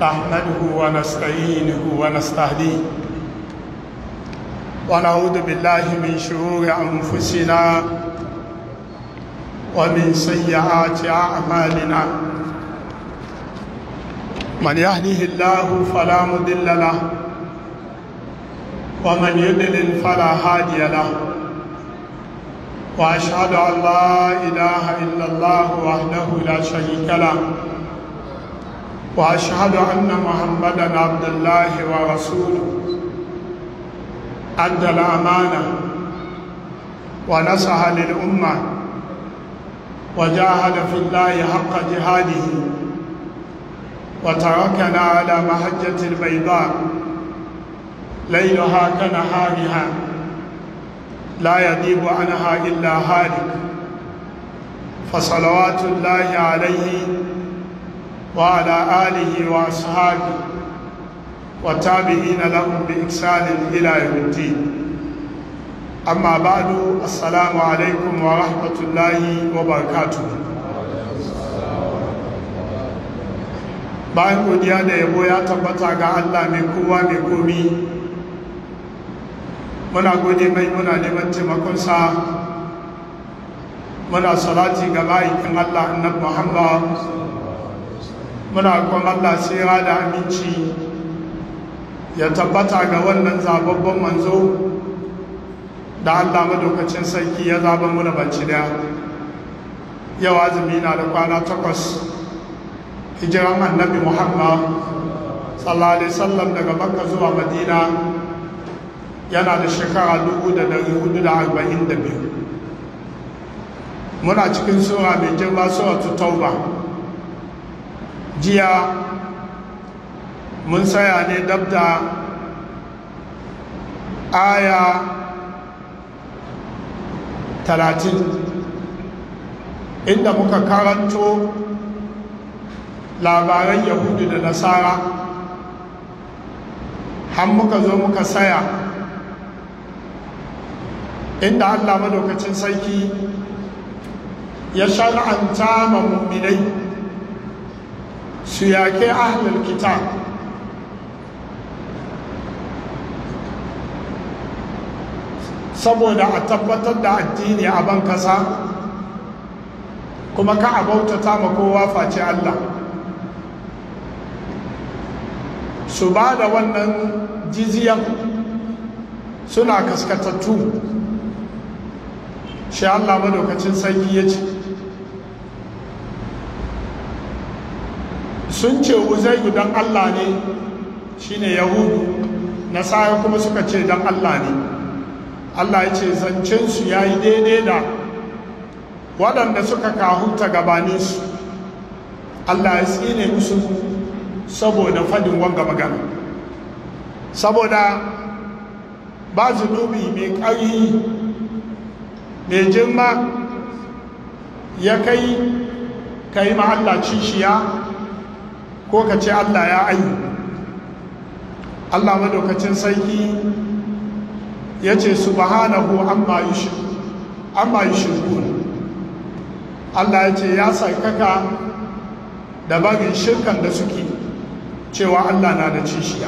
نحمده ونستعينه ونستهديه ونعوذ بالله من شرور أنفسنا ومن سيئات أعمالنا من يهده الله فلا مضل له ومن يضلل فلا هادي له واشهد ان لا اله الا الله وحده لا شريك له واشهد ان محمدا عبد الله ورسوله ادى الامانه ونصح للامه وجاهد في الله حق جهاده وتركنا على محجه البيضاء ليلها كنهارها لا يذيب عنها الا هالك فصلوات الله عليه وعلى آله وأصحابه والتابعين لهم بإحسان إلى يوم الدين أما بعد السلام wa ورحمة الله وبركاته bayan godiya da yabo ya tabbata ga Allah mai kowa mai komi muna gode mai muna neman taimakonsa muna salati ga ma'aikin Allah annabi Muhammad muna kwan Allah tsira da aminci ya tabbata ga wannan zababban manzo da Allah madaukacin sarki ya zaba muna baci daya yau azumi na da kwana takwas hijiran annabi Muhammad sallallahu alaihi daga Makka zuwa Madina yana da shekara dubu da dari hudu da arba'in da biyu muna cikin sura mai girma sura tauba jiya mun saya ne dabda aya talatin inda muka karanto labaran yahudu da nasara har muka zo muka saya inda allah madaukacin sarki ya shar'anta ma muminai su yake ahlul kitab saboda a tabbatar da addini a ban kasa kuma ka a bautata ma kowa face Allah su ba da wannan jiziyan suna kaskatattu shi Allah madaukacin sarki ya ce sun ce uzairu dan Allah ne shine yahudu nasara kuma suka ce dan Allah ne Allah ya ce zancensu ya yi daidai da waɗanda suka kahunta gabaninsu Allah ya tsine musu saboda fadin wanga magana saboda ba zunubi mai ƙari mai jimma ya kai ka yi mahalla cishiya ko ka ce allah ya ayi allah madaukacin sarki ya ce su subhanahu amma yi shirkuna allah ya ce ya sarkaka da bagin shirkan da suke cewa allah na da cishiya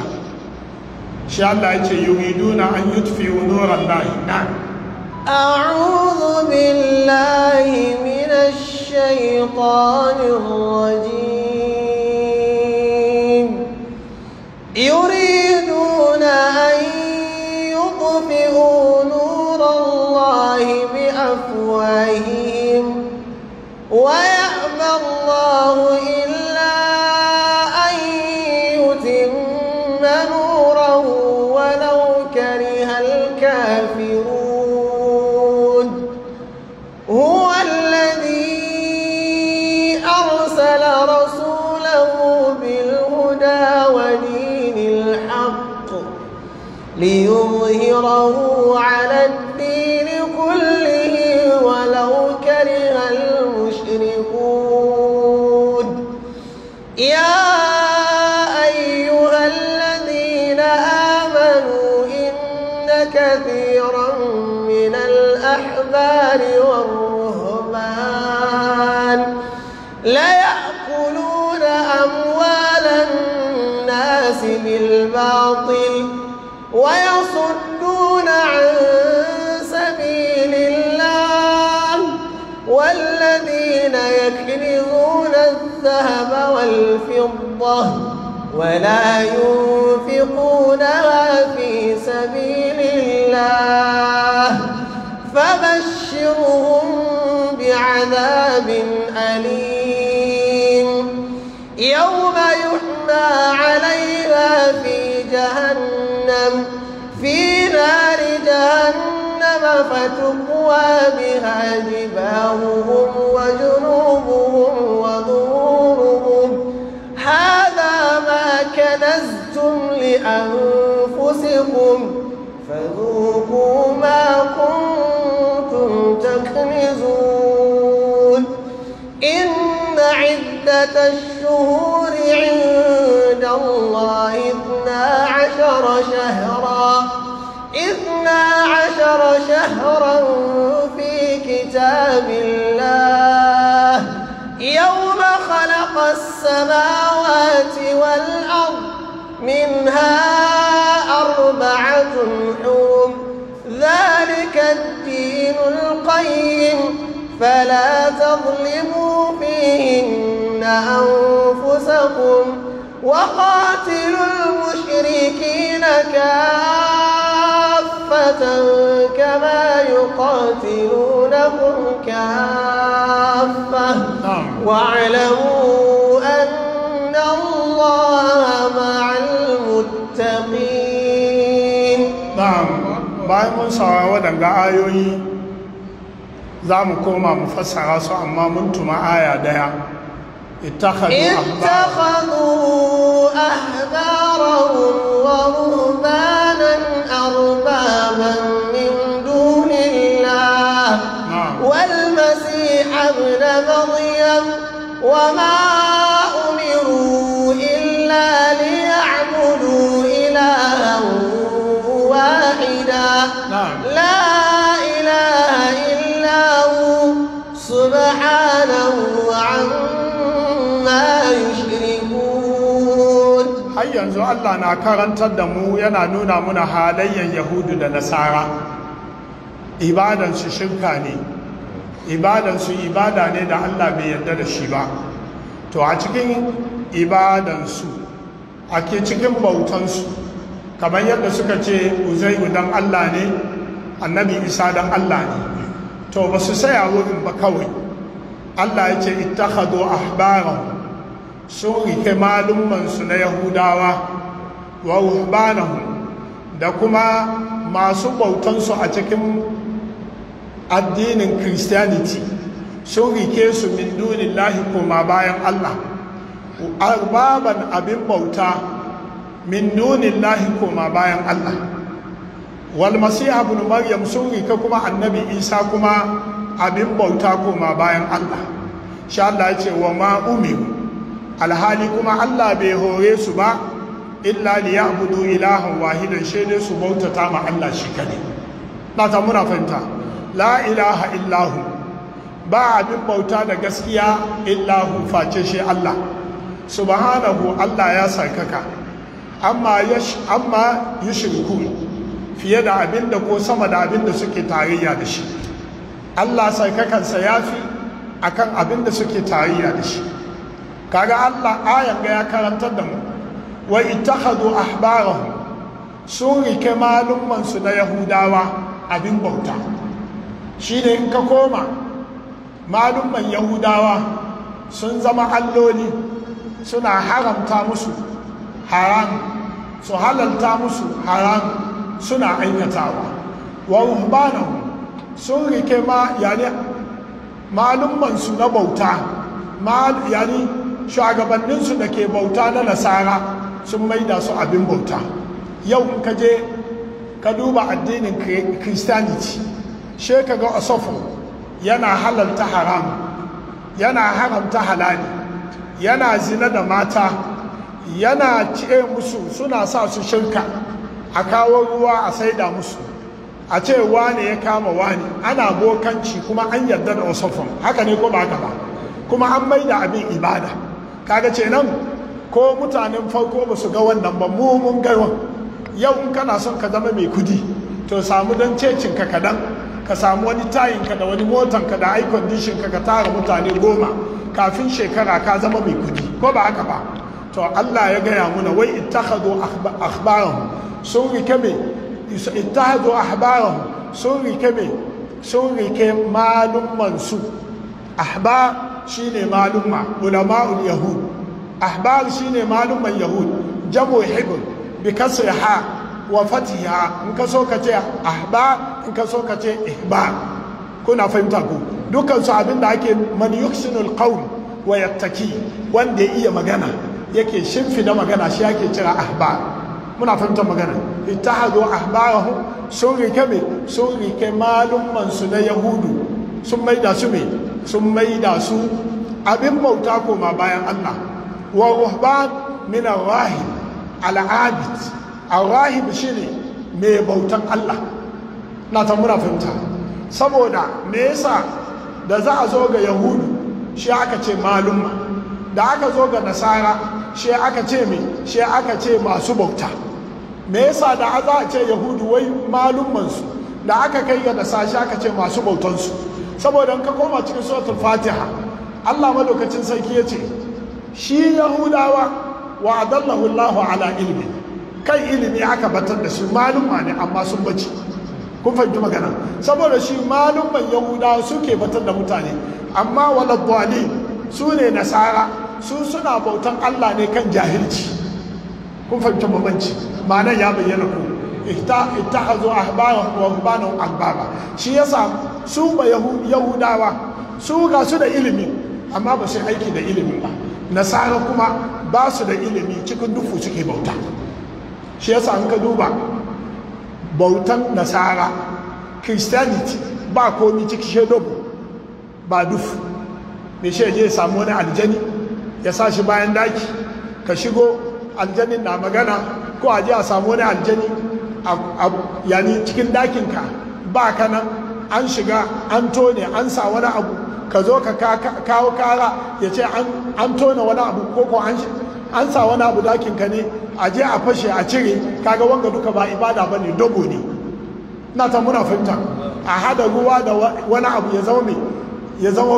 shi allah ya ce yuriduna an yutfi nuran lahi na أعوذ بالله من الشيطان الرجيم يريدون أن يطفئوا نور الله بأفواههم ويأبى الله إلا 保护。الله ولا ينفقونها في سبيل الله فبشرهم بعذاب أليم يوم يحمى عليها في جهنم في نار جهنم فتقوى بها جباههم وجنوبهم أنفسكم فذوقوا ما كنتم تكنزون إن عدة الشهور عند الله اثنا عشر شهرا اثنا عشر شهرا في كتاب الله يوم خلق السماوات والأرض منها أربعة حرم ذلك الدين القيم فلا تظلموا فيهن أنفسكم وقاتلوا المشركين كافة كما يقاتلونكم كافة نعم. واعلموا أن الله مع bayan mun sawa waɗanga ayoyi za mu koma mu fassara su amma mun tuma aya daya ittakhadhu ahbarahum wa ruhbanan arbaban min من wal الله ibn maryam wa ma Allah na karantar da mu yana nuna muna halayyar yahudu da nasara ibadansu shinka ne ibadansu ibada ne da Allah bai yadda da shi ba to a cikin ibadansu ake cikin bautansu kamar yadda suka ce uzairu dan Allah ne annabi isa dan Allah ne to ba su saya wurin ba kawai Allah ya ce ittakhadu ahbarahum sun rike malummansu na yahudawa wa ruhbanahu da kuma masu bautansu a cikin addinin christianity sun rike su min dunin lahi koma bayan allah arbaban abin bauta min dunin lahi koma bayan allah walmasiha bin maryam sun rike kuma annabi isa kuma abin bauta koma bayan allah sha Allah ya ce wa ma'umiru alhali kuma Allah bai hore su ba illa liya'budu ilahan wahidan shi ne su bautata ma Allah shi kadai na ta muna fahimta la ilaha illahu ba abin bauta da gaskiya illahu face shi Allah subhanahu Allah ya sarkaka amma yash amma yushriku fiye da abin da ko sama da abin da suke tarayya da shi Allah sarkakansa ya fi akan abin da suke tarayya da shi kaga Allah ayan ga ya karantar da mu wa ittakhadhu ahbarahum sun rike malumman su na yahudawa abin bauta shine in ka koma malumman yahudawa sun zama alloli suna haramta musu haram su halalta musu haram suna aikatawa wa ruhbanahum sun rike ma yani malumman su na bauta yani shugabanninsu da ke bauta na nasara sun maida su abin bauta yau ka je ka duba addinin christianity she ka asofo yana halalta haram yana haramta halali yana zina da mata yana ce musu suna sa su shirka a kawo ruwa a saida musu a ce wane ya kama wane ana bokanci kuma an yarda da osofon haka ne ko ba ba kuma an maida abin ibada kaga ce nan ko mutanen farko ba su ga wannan ba mu mun gaiwan yau in kana son ka zama mai kudi to samu don cecin ka kadan ka samu wani tayinka da wani motanka da air ka ka tara mutane goma kafin shekara ka zama mai kudi ko ba haka ba to Allah ya gaya muna wai ittakhadhu akhbarahum sun rike me ittakhadhu akhbarahum sun rike me sun rike malumman shine malumma ulama'ul yahud ahbar shi ne malumman yahud jamu hibr bi kasri ha wa fatiha in ka so ka ce ahbar in ka so ka ce ihbar kuna fahimta ku dukkan su abin da ake man yuhsinul qawl wa yattaki wanda iya magana yake shimfida magana shi yake cira ahbar muna fahimta magana ittahadu ahbarahum sun rike me sun rike malumman su na yahudu sun maida su me sun maida su abin bauta koma bayan Allah wa ruhban min rahib al'abid shi ne mai bautan Allah na ta muna fahimta saboda me yasa da za a zo ga yahudu shi aka ce malumma da aka zo ga nasara shi aka ce me shi aka ce masu bauta me yasa da za a ce yahudu wai malumman su da aka kai ga nasara shi aka ce masu bautansu saboda ka koma cikin suratul fatiha Allah madaukacin sarki yace shi yahudawa wa adallahu Allahu ala ilmi kai ilimi aka batar da shi malumma ne amma sun bace kun fahimci magana saboda shi malumman yahudawa suke batar da mutane amma wala dwali su ne nasara su suna bautan Allah ne kan jahilci kun fahimci bambanci ma'anar ya bayyana ku ittakhadhu ahbarahum wa rubbanahum arbaba shi yasa su ba yahudawa su ga su da ilimi amma ba su aiki da ilimi ba nasara kuma ba su da ilimi cikin dufu suke bauta shi yasa an ka duba bautan nasara christianity ba komi cikin shedobu ba dufu me shi je samu wani aljani ya sa shi bayan daki ka shigo aljanin na magana ko a je a samu wani aljani yani cikin ɗakinka ba ka nan an shiga an tone an sa wani abu ka zo ka kawo kara ya ce an tone wani abu ko ko an sa wani abu ɗakinka ne a je a fashe a cire kaga wanga duka ba ibada ba ne dogo ne na ta muna fahimta a hada ruwa da wani abu ya zama mai ya zama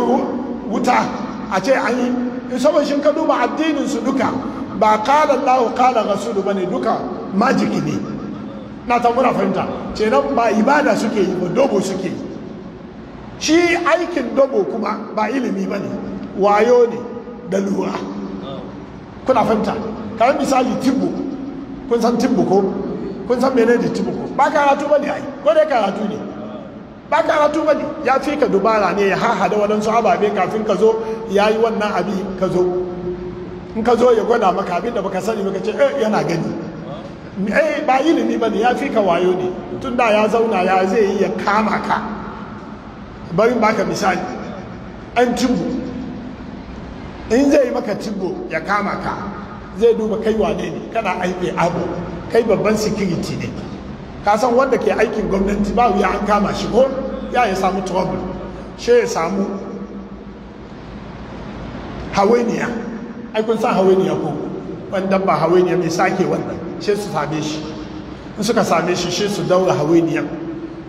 wuta a ce an yi saboda shi ka duba addinin su duka ba kala Allah kala rasulu bane duka majiki ne na ta muna fahimta nan ba ibada suke yi ba dobo suke yi shi aikin dobo kuma ba ilimi ba ne wayo ne da lura kuna fahimta kamar misali tibbo kun san tibbo ko kun san mene da tibbo ko ba karatu ba ne ai ko dai karatu ne ba karatu ba ne ya fi ka dubara ne ya da waɗansu ababe kafin ka zo ya yi wannan abi ka zo in ka zo ya gwada maka abin da baka sani maka ce eh yana gani E ba ilimi ba ne ya fi ka wayo ne tun da ya zauna ya zai yi ya kama ka barin baka misali an tubu in zai maka tubu ya kama ka zai duba kai wane ne kana aiki abu kai babban sikiriti ne kasan wanda ke aikin gwamnati ba wuya an kama shi ko ya yi samu trouble shi ya samu hawainiya ai san hawainiya ko wanda dabba hawainiya mai sake wannan shi su same shi in suka same shi shi su daura hawainiya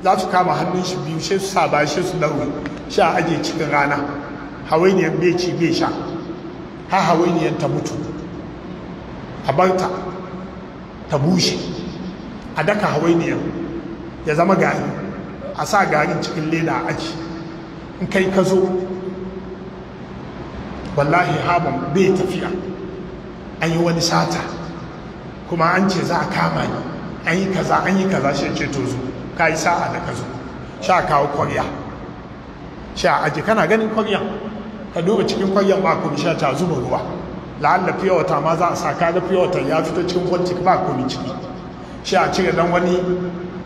za su kama hannun shi biyu shi su saba shi su daura shi a aje cikin rana hawainiyar bai ci bai sha Ha hawainiyar ta mutu a barta ta bushe a daka hawainiyar ya zama gari a sa garin cikin leda a aji in kai ka zo wallahi haban bai tafiya an yi wani sata kuma an ce za a kama ni an yi kaza an yi kaza shi ce to zo ka yi sa'a da ka zo sha kawo kwarya sha aji kana ganin kwarya ka duba cikin kwaryan ba komi sha ta zuba ruwa la'alla fiye wata ma za a sa ka da fiye wata ya fito cikin kwanci ba komi ciki sha cire dan wani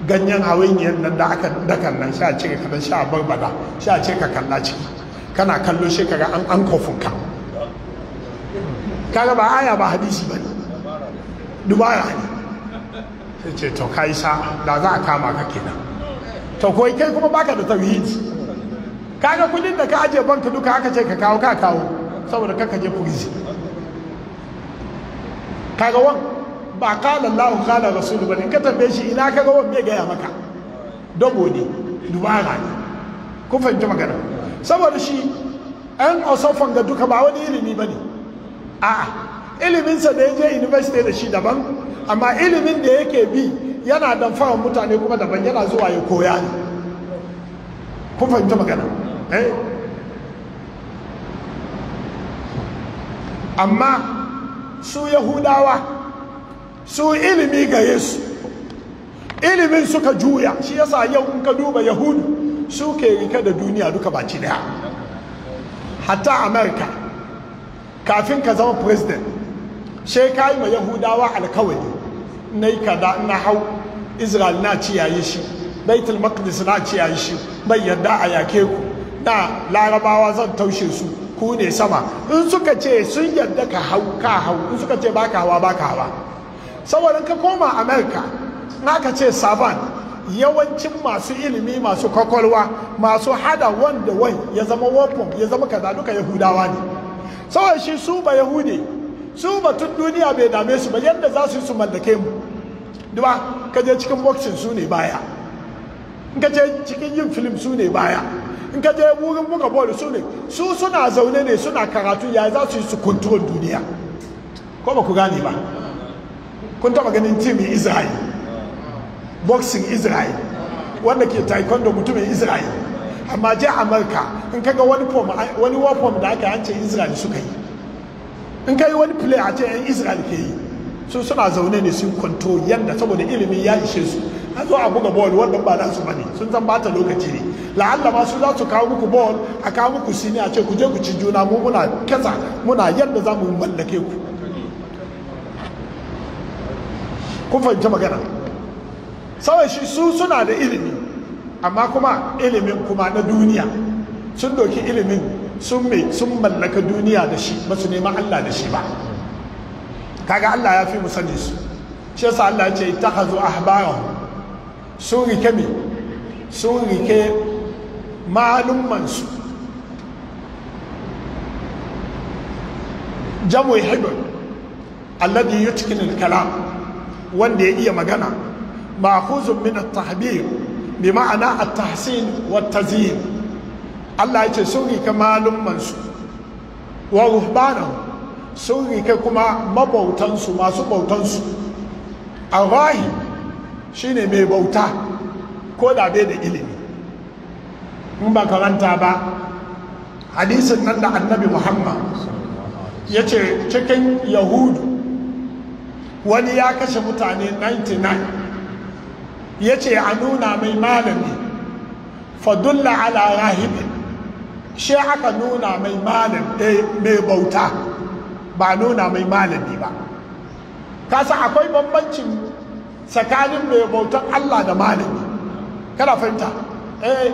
ganyen hawainiyar nan da aka dakan nan sha cire ka dan sha barbada sha ce ka kalla ciki kana kallo shekara an an kofunka kaga ba aya ba hadisi ne. dubara ne sai ce to kai sa da za a kama ka kenan to ko kai kuma baka da tauhid kaga kudin da ka ajiye banka duka aka ce ka kawo ka kawo saboda kaka je kurji kaga wan ba kala Allah kala rasul bane ka tambaye shi ina kaga wan ga gaya maka dogo ne dubara ne ku fahimci magana saboda shi an osofan ga duka ba wani ilimi bane a'a iliminsa da ya je university da shi daban amma ilimin da yake bi yana damfarar mutane kuma daban yana zuwa ya koya ne kun fahimta magana eh. amma su yahudawa su ilimi ga yesu ilimin suka juya shi yasa yau in ka duba yahudu su ke rike da duniya duka baci daya hatta america kafin ka zama president she kayi ma yahudawa alkawari yi kada na hau israel na ciyaye shi baitul maqdis na ciyaye shi bai yadda a yake ku na larabawa zan taushe su ku ne sama in suka ce sun yadda ka hau ka hau in suka ce baka hawa baka hawa saboda ka koma america naka ce saban yawancin masu ilimi masu kwakwalwa masu hada wanda wai ya zama wofin ya zama kaza duka yahudawa ne saboda shi su ba yahudi su batun duniya bai dame su ba yadda za su yi su mallake mu duba ka je cikin boxing su ne baya in ka je cikin yin film su ne baya in ka je wurin buga bol su ne su suna zaune ne suna karatu ya za su yi su control duniya ko ba ku gane ba kun taba ganin team israel boxing israel wanda ke taekwondo mutumin israel amma je amurka in kaga wani form da aka yance israel suka yi in kai wani play a ce yan israel ke yi sun suna zaune ne sun kwanto yadda saboda ilimi ya ishe su an zo a buga ball wannan ba su bane sun san bata lokaci ne la'alla ma su za su kawo muku ball a kawo muku sini a ce ku je ku ci juna mu muna kasa muna yadda za mu mallake ku kun fahimci magana sawai shi su suna da ilimi amma kuma ilimin kuma na duniya sun doki ilimin sun me sun mallaka duniya da shi ba su nema Allah da shi ba kaga Allah ya fi mu sani su shi yasa Allah ya ce ittakhazu ahbarahum sun rike me sun rike malumman su jamu hibr alladhi yutkinu al-kalam wanda ya iya magana ma'khuzun min at-tahbir bi ma'ana at-tahsin wat-tazyin Allah ya ce sun rike malummansu wa ruhbanan sun rike kuma mabautansu masu bautansu arwahi shine mai bauta ko da bai da ilimi in ba karanta ba hadisin nan da annabi muhammad ya ce cikin yahudu wani ya kashe mutane 99 ya ce a nuna mai malami fadulla ala rahibin shi aka nuna mai malin eh, mai bauta ba nuna mai malami ba kasa akwai bambancin tsakanin mai bautan Allah da malami kada fahimta eh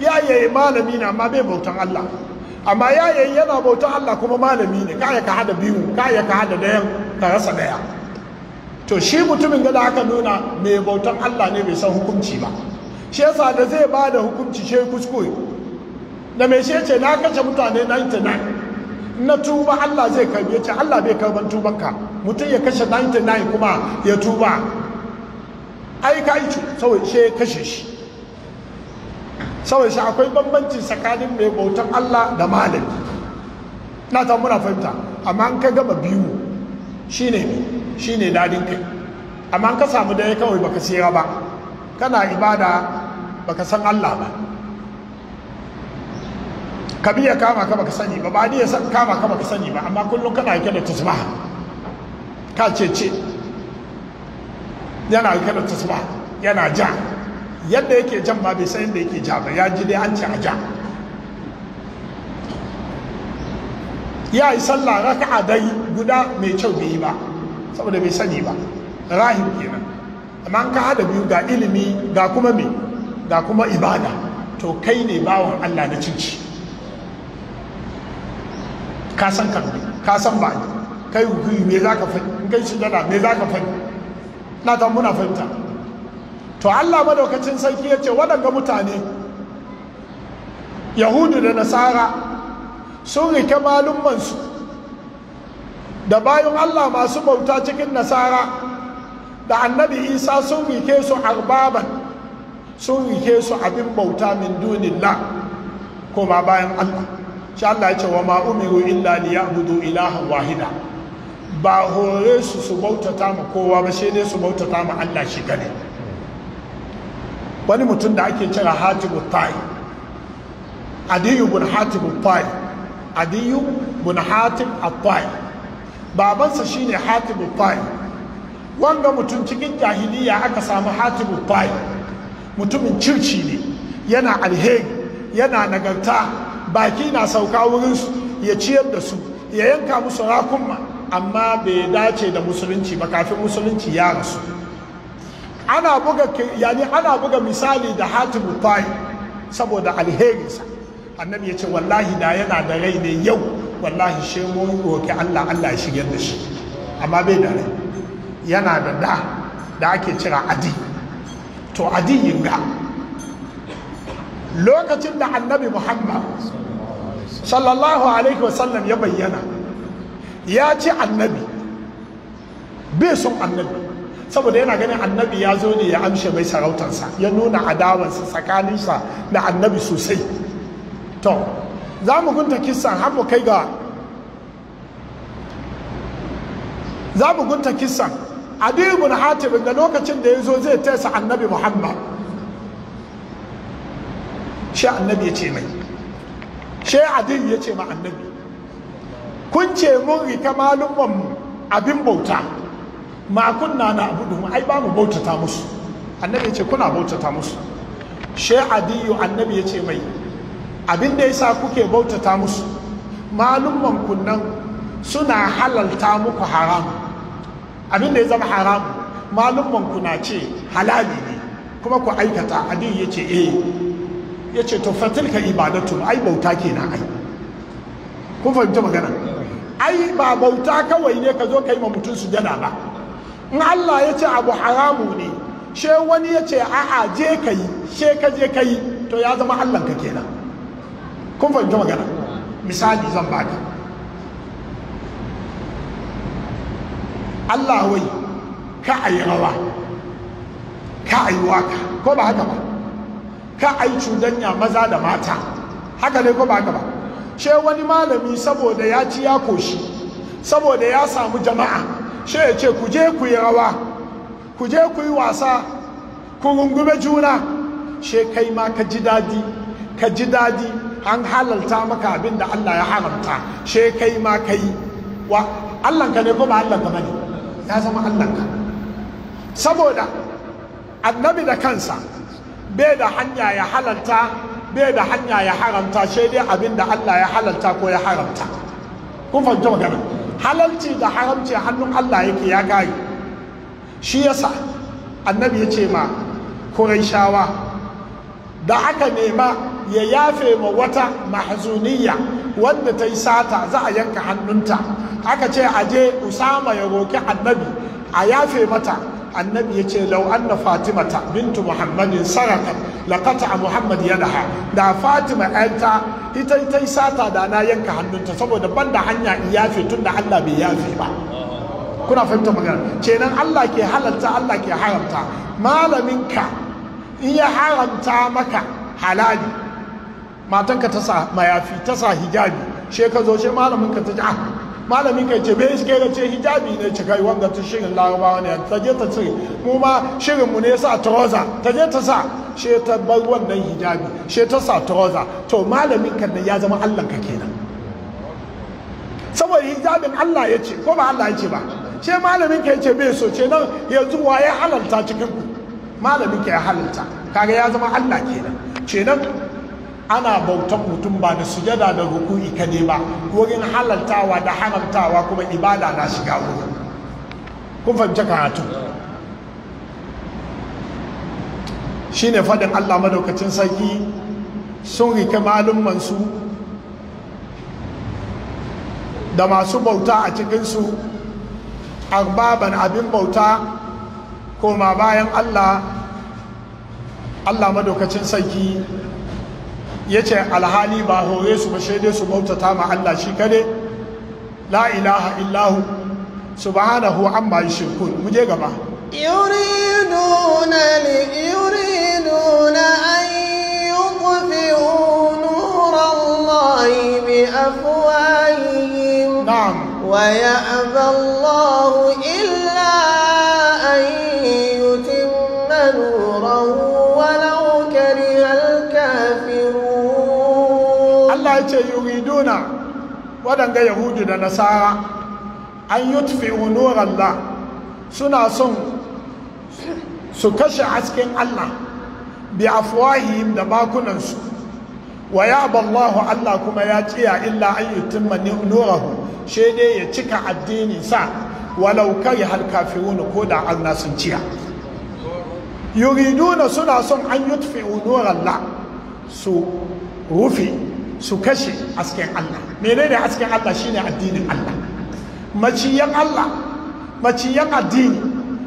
yayaye malami na amma bai bautan Allah amma yayaye yana bautan Allah kuma malami ne kaya ka hada biyu kaya ka hada dayan ka rasa daya to shi mutumin gada aka nuna mai bautan Allah ne bai san hukunci ba shi yasa da zai ba da hukunci shi kuskure da mai ce na kashe mutane 99 na tuba Allah zai karbi ya ce Allah bai karban tubanka mutum ya kashe 99 kuma ya tuba ai ka yi saboda shi kashe shi saboda shi akwai bambanci tsakanin mai bautan Allah da malami na ta muna fahimta amma an ka gama biyu shine shine dadin kai amma an ka samu da daya kawai baka tsira ba kana ibada baka san Allah ba ka biya kama ka baka sani ba ba ni ya kama ka baka sani ba amma kullum kana yake da tasbih ka ce ce yana yake da tasbih yana ja yadda yake jan ba bai san yadda yake ja ba ya ji dai an ce a ja ya yi sallah raka'a dai guda mai kyau bai yi ba saboda bai sani ba rahim kenan amma ka hada biyu ga ilimi ga kuma me ga kuma ibada to kai ne bawon Allah na cinci ka san ka san ba kai hukumi me za ka faɗi kai shi sujada me za ka faɗi na ta muna fahimta to Allah madaukacin sarki ya ce waɗanga mutane yahudu da nasara sun rike malummansu da bayan Allah masu bauta cikin nasara da annabi isa sun rike su arbaban sun rike su abin bauta min ko koma bayan Allah shi Allah ya ce wa ma ni ya gudu ilahan wahida ba hore su su bautata ma kowa ba sai ne su bautata ma Allah shi gane wani mutum da ake cira hatibu ta'i adiyu bun hatibu ta'i adiyu bun hatib tai babansa shine hatibu ta'i wanga mutum cikin jahiliya aka samu hatibu ta'i mutumin circi ne yana alheri yana nagarta baki na sauka wurinsu ya ciyar da su ya yanka musu rakunma amma bai dace da musulunci ba kafin musulunci ya rasu ana buga yani ana buga misali da hatibu tayi saboda alherinsa annabi ya ce wallahi da yana da rai ne yau wallahi shi mu roki Allah Allah ya shigar da shi amma bai da rai yana da da da ake cira adi to adi yinga lokacin da annabi Muhammad sallallahu alaihi wasallam ya bayyana ya ci annabi bai son annabi saboda yana ganin annabi ya zo ne ya amshe mai sarautarsa ya nuna adawarsa tsakaninsa da annabi sosai to za mu gunta kisan har mu kai ga za mu gunta kisan adibun hatibin da lokacin da ya zo zai taisa annabi muhammad shi annabi ya ce mai she adin ya ce ma annabi kun ce mun rika malumman abin bauta ma kunna na abu domin ai ba mu bautata musu annabi ya ce kuna bautata musu she adiyu annabi ya ce mai abin da yasa kuke bautata musu malumman kunnan suna halalta muku haram abin da ya zama haram malumman kuna ce halali ne kuma ku aikata adin ya ce eh ya ce to fatilka ibadatu ai bauta ke na ai kun fahimta magana ai ba bauta kawai ne ka zo ka yi ma mutum jana ba in Allah ya ce abu haramu ne she wani ya ce a'a je ka yi she ka je ka yi to ya zama Allah ka ke na kun fahimta magana misali zan baka Allah wai ka ayi rawa ka ayi waka ko ba haka ba ka yi cudanya maza da mata haka ne ko ba ka ba she wani malami saboda ya ci ya koshi saboda ya samu jama'a she ya ce ku je ku yi rawa ku je ku yi wasa ku rungume juna she kai ma ka ji dadi ka ji dadi an halalta maka abin da Allah ya haramta she kai ma yi wa Allah ka ne ko ba Allah ka bane ya zama Allah ka saboda annabi da kansa bai da hanya ya halarta bai da hanya ya haramta sai dai abin da Allah ya halarta ko ya haramta kun fahimci magana halalci da haramci hannun Allah yake ya gayi shi yasa annabi ya ce ma shawa. da aka nema ya yafe ma wata mahzuniya wanda ta yi sata za a yanka hannunta aka ce aje Usama ya roki annabi a yafe mata annabi ya ce lau anna ta bintu muhammadin saraka laqata muhammad ya da fatima ta ita ita sata da na yanka hannunta saboda ban da hanya in yafe tun da Allah bai yafe ba kuna fahimta magana kenan Allah ke halalta Allah ke haramta malaminka in ya haramta maka halali matanka ta sa mayafi ta sa hijabi she ka zo she malaminka ta ji ah malami kai ce bai suke da ce hijabi ne ci kai wanga ta shirin larabawa ne ta je ta cire mu ma shirin mu ne sa trouser ta je ta sa she ta bar wannan hijabi she ta sa trouser to malamin kan ya zama Allah ka kenan saboda hijabin Allah ya ce ko ba Allah ya ce ba she malamin ka ce bai so ce nan yanzu wa ya halalta cikin malamin ka ya halalta kaga ya zama Allah kenan kenan ana bautan mutum ba da sujada da ruku'i kade ba wurin halaltawa da haramtawa kuma ibada na shiga wurin kun fahimci karatu Shi ne faɗin Allah madaukacin sarki sun rike malumman da masu bauta a cikinsu arbaban abin bauta koma bayan Allah Allah madaukacin sarki yace alhali ba hore su ba shede su bautata ma Allah shi kare la ilaha illahu subhanahu amma yushrikun mu je gaba yuriduna li yuriduna an yudfi'u nurallahi bi afwahihim na'am wa ya'ba Allahu illa ya ce yuriduna waɗanda yahudu da nasara an yutfi nurallah suna son su kashe hasken allah bi afwahihim da bakunansu wa ya ballahu allah kuma ya ciya illa an yutimma nurahu shi dai ya cika addini sa walau kari hal ko da allah sun ciya yuriduna suna son an yutfi nurallah su rufe su kashe asken Allah menene asken Allah shine addinin Allah maciyan Allah maciyan addini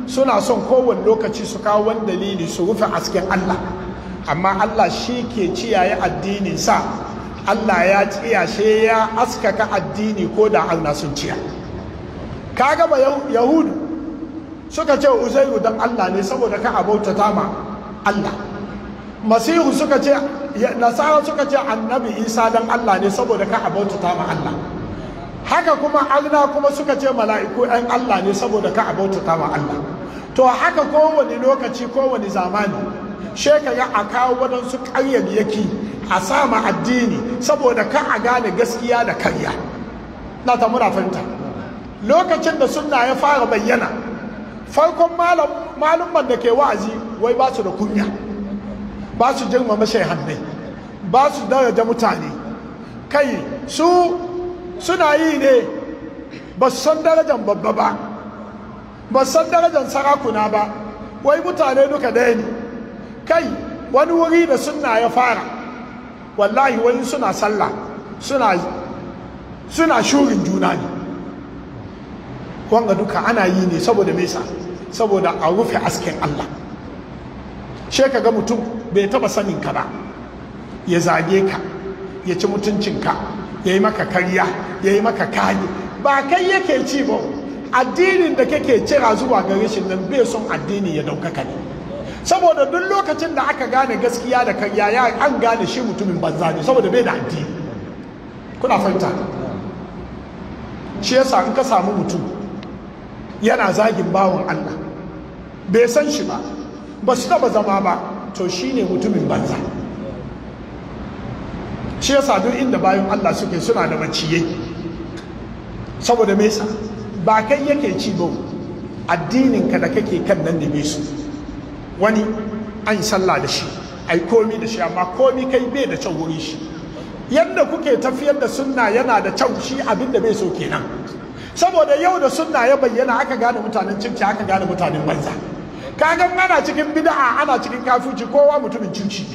suna son kowane lokaci su kawo wani dalili su rufe asken Allah amma Allah shi ke ciyaye addinin sa Allah ya ciyashe ya askaka addini ko da Allah sun ciya ka gaba yahudu suka ce uzairu dan Allah ne saboda ka abauta ma Allah masihu suka ce nasara suka ce annabi isa dan allah ne saboda ka a ma allah haka kuma alna kuma suka ce mala'iku yan allah ne saboda ka a bautata ma allah to haka kowane lokaci kowane zamani shekara a kawo waɗansu ƙaryayyaki a sama addini saboda ka a gane gaskiya da karya na ta muna fahimta lokacin da sunna ya fara bayyana farkon malumman da ke wa'azi wai ba su da kunya ba su girmama hannu ba su daraja mutane kai su suna yi ne ba su san darajan babba ba ba su san darajan sarakuna ba wai mutane duka daya ne kai wani wuri da suna ya fara wallahi wani suna sallah suna suna shurin juna ne wanga duka ana yi ne saboda mesa saboda a rufe asken Allah she ka ga mutum bai taba sanin ka ba ya zage ka ya ci mutuncinka ya yi maka karya ya yi maka kayi ba kai yake ci ba addinin da kake cira zuwa gare shi nan bai son addini ya daukaka ne saboda duk lokacin da aka gane gaskiya da karya ya an gane shi mutumin banza ne saboda bai da addini kuna fahimta shi yasa in ka samu mutum yana zagin bawan Allah bai san shi ba ba su taba zama ba to shi ne mutumin banza shi yasa duk inda bayan Allah suke suna da maciye saboda me yasa ba kai yake ci ba addinin ka da kake kan nan da su wani an sallah da shi ai komi da shi amma komi kai bai da can wuri shi yadda kuke tafiyar da sunna yana da can shi abinda da bai so kenan saboda yau da sunna ya bayyana aka gane mutanen cinci aka gane mutanen banza kagan ana cikin bida'a ana cikin kafuci kowa mutumin cuci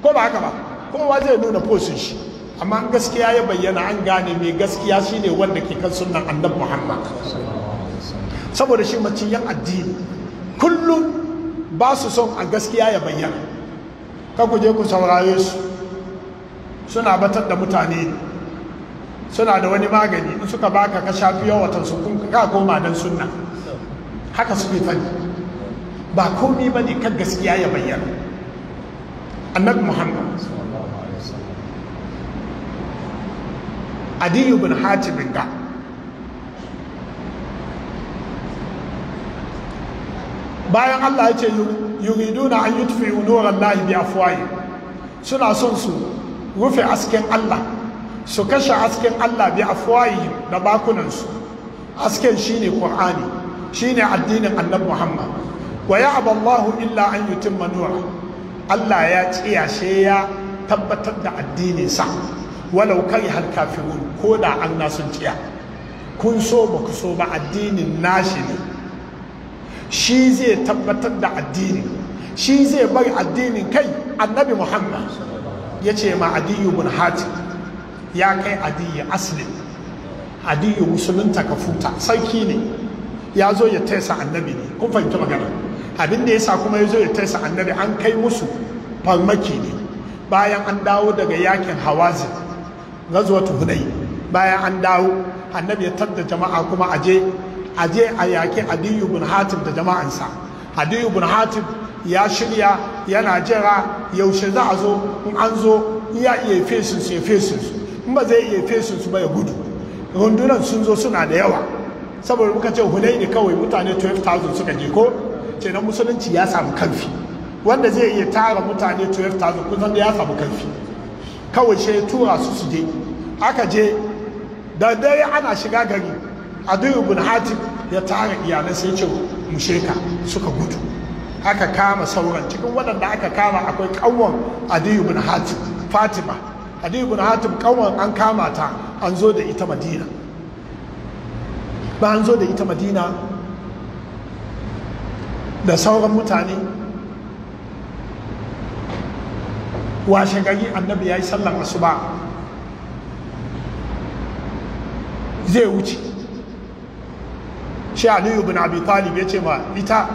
ko ba haka ba kowa zai nuna fosin shi amma gaskiya ya bayyana an gane mai gaskiya shine wanda ke kan sunan annabi Muhammad saboda shi maciyan addini kullum ba su son a gaskiya ya bayyana ka ku je ku saurare su suna batar da mutane suna da wani magani in suka baka ka shafi yawatan su kun ka koma dan sunna haka suke fani ba komi ba ne kan gaskiya ya bayyana annabi muhammad adiyu bin hatimin ga bayan allah ya ce yuriduna an yutfi nuran lahi bi afwayi suna son su rufe asken allah su kashe asken allah bi afwayi da bakunansu asken shine qur'ani shine addinin annabi muhammad wa ya'ba Allahu illa an yutimma Allah ya tsiya sai ya tabbatar da addinin sa walau har kafirun ko da an sun tsiya kun so ba ku so ba addinin nashi ne shi zai tabbatar da addini shi zai bar addinin kai annabi Muhammad ya ce ma adiyu bin ya kai adiyu aslin adiyu musulunta ka futa sarki ne ya zo ya taisa annabi ne kun fahimci magana abin da ya sa kuma ya zo ya tarsa annabi an kai musu farmaki ne bayan an dawo daga yakin hawazi ghazwatu hunay bayan an dawo annabi ya tadda jama'a kuma aje aje a yaki adiyu bin hatim da jama'ansa adiyu bin hatim ya shirya yana jira yaushe za a zo in an zo ya iya fesin su ya fesin su in ba zai iya fesin su ba ya gudu rundunan sun zo suna da yawa saboda muka ce hunai ne kawai mutane 12,000 suka je ko kenan musulunci ya samu karfi wanda zai iya tara mutane 12,000 kun ya samu karfi kawai shi tura su su je aka je da dare ana shiga gari a bin hatim ya tara iyalan sai ce mu sheka suka gudu aka kama sauran cikin waɗanda aka kama akwai ƙanwan adiyu bin hatim fatima adiyu bin hatim ƙanwan an kama ta an zo da ita madina an zo da ita madina da sauran mutane washe gari annabi ya yi sallar asuba zai wuce shi aliyu bin abi talib ya ce ma ita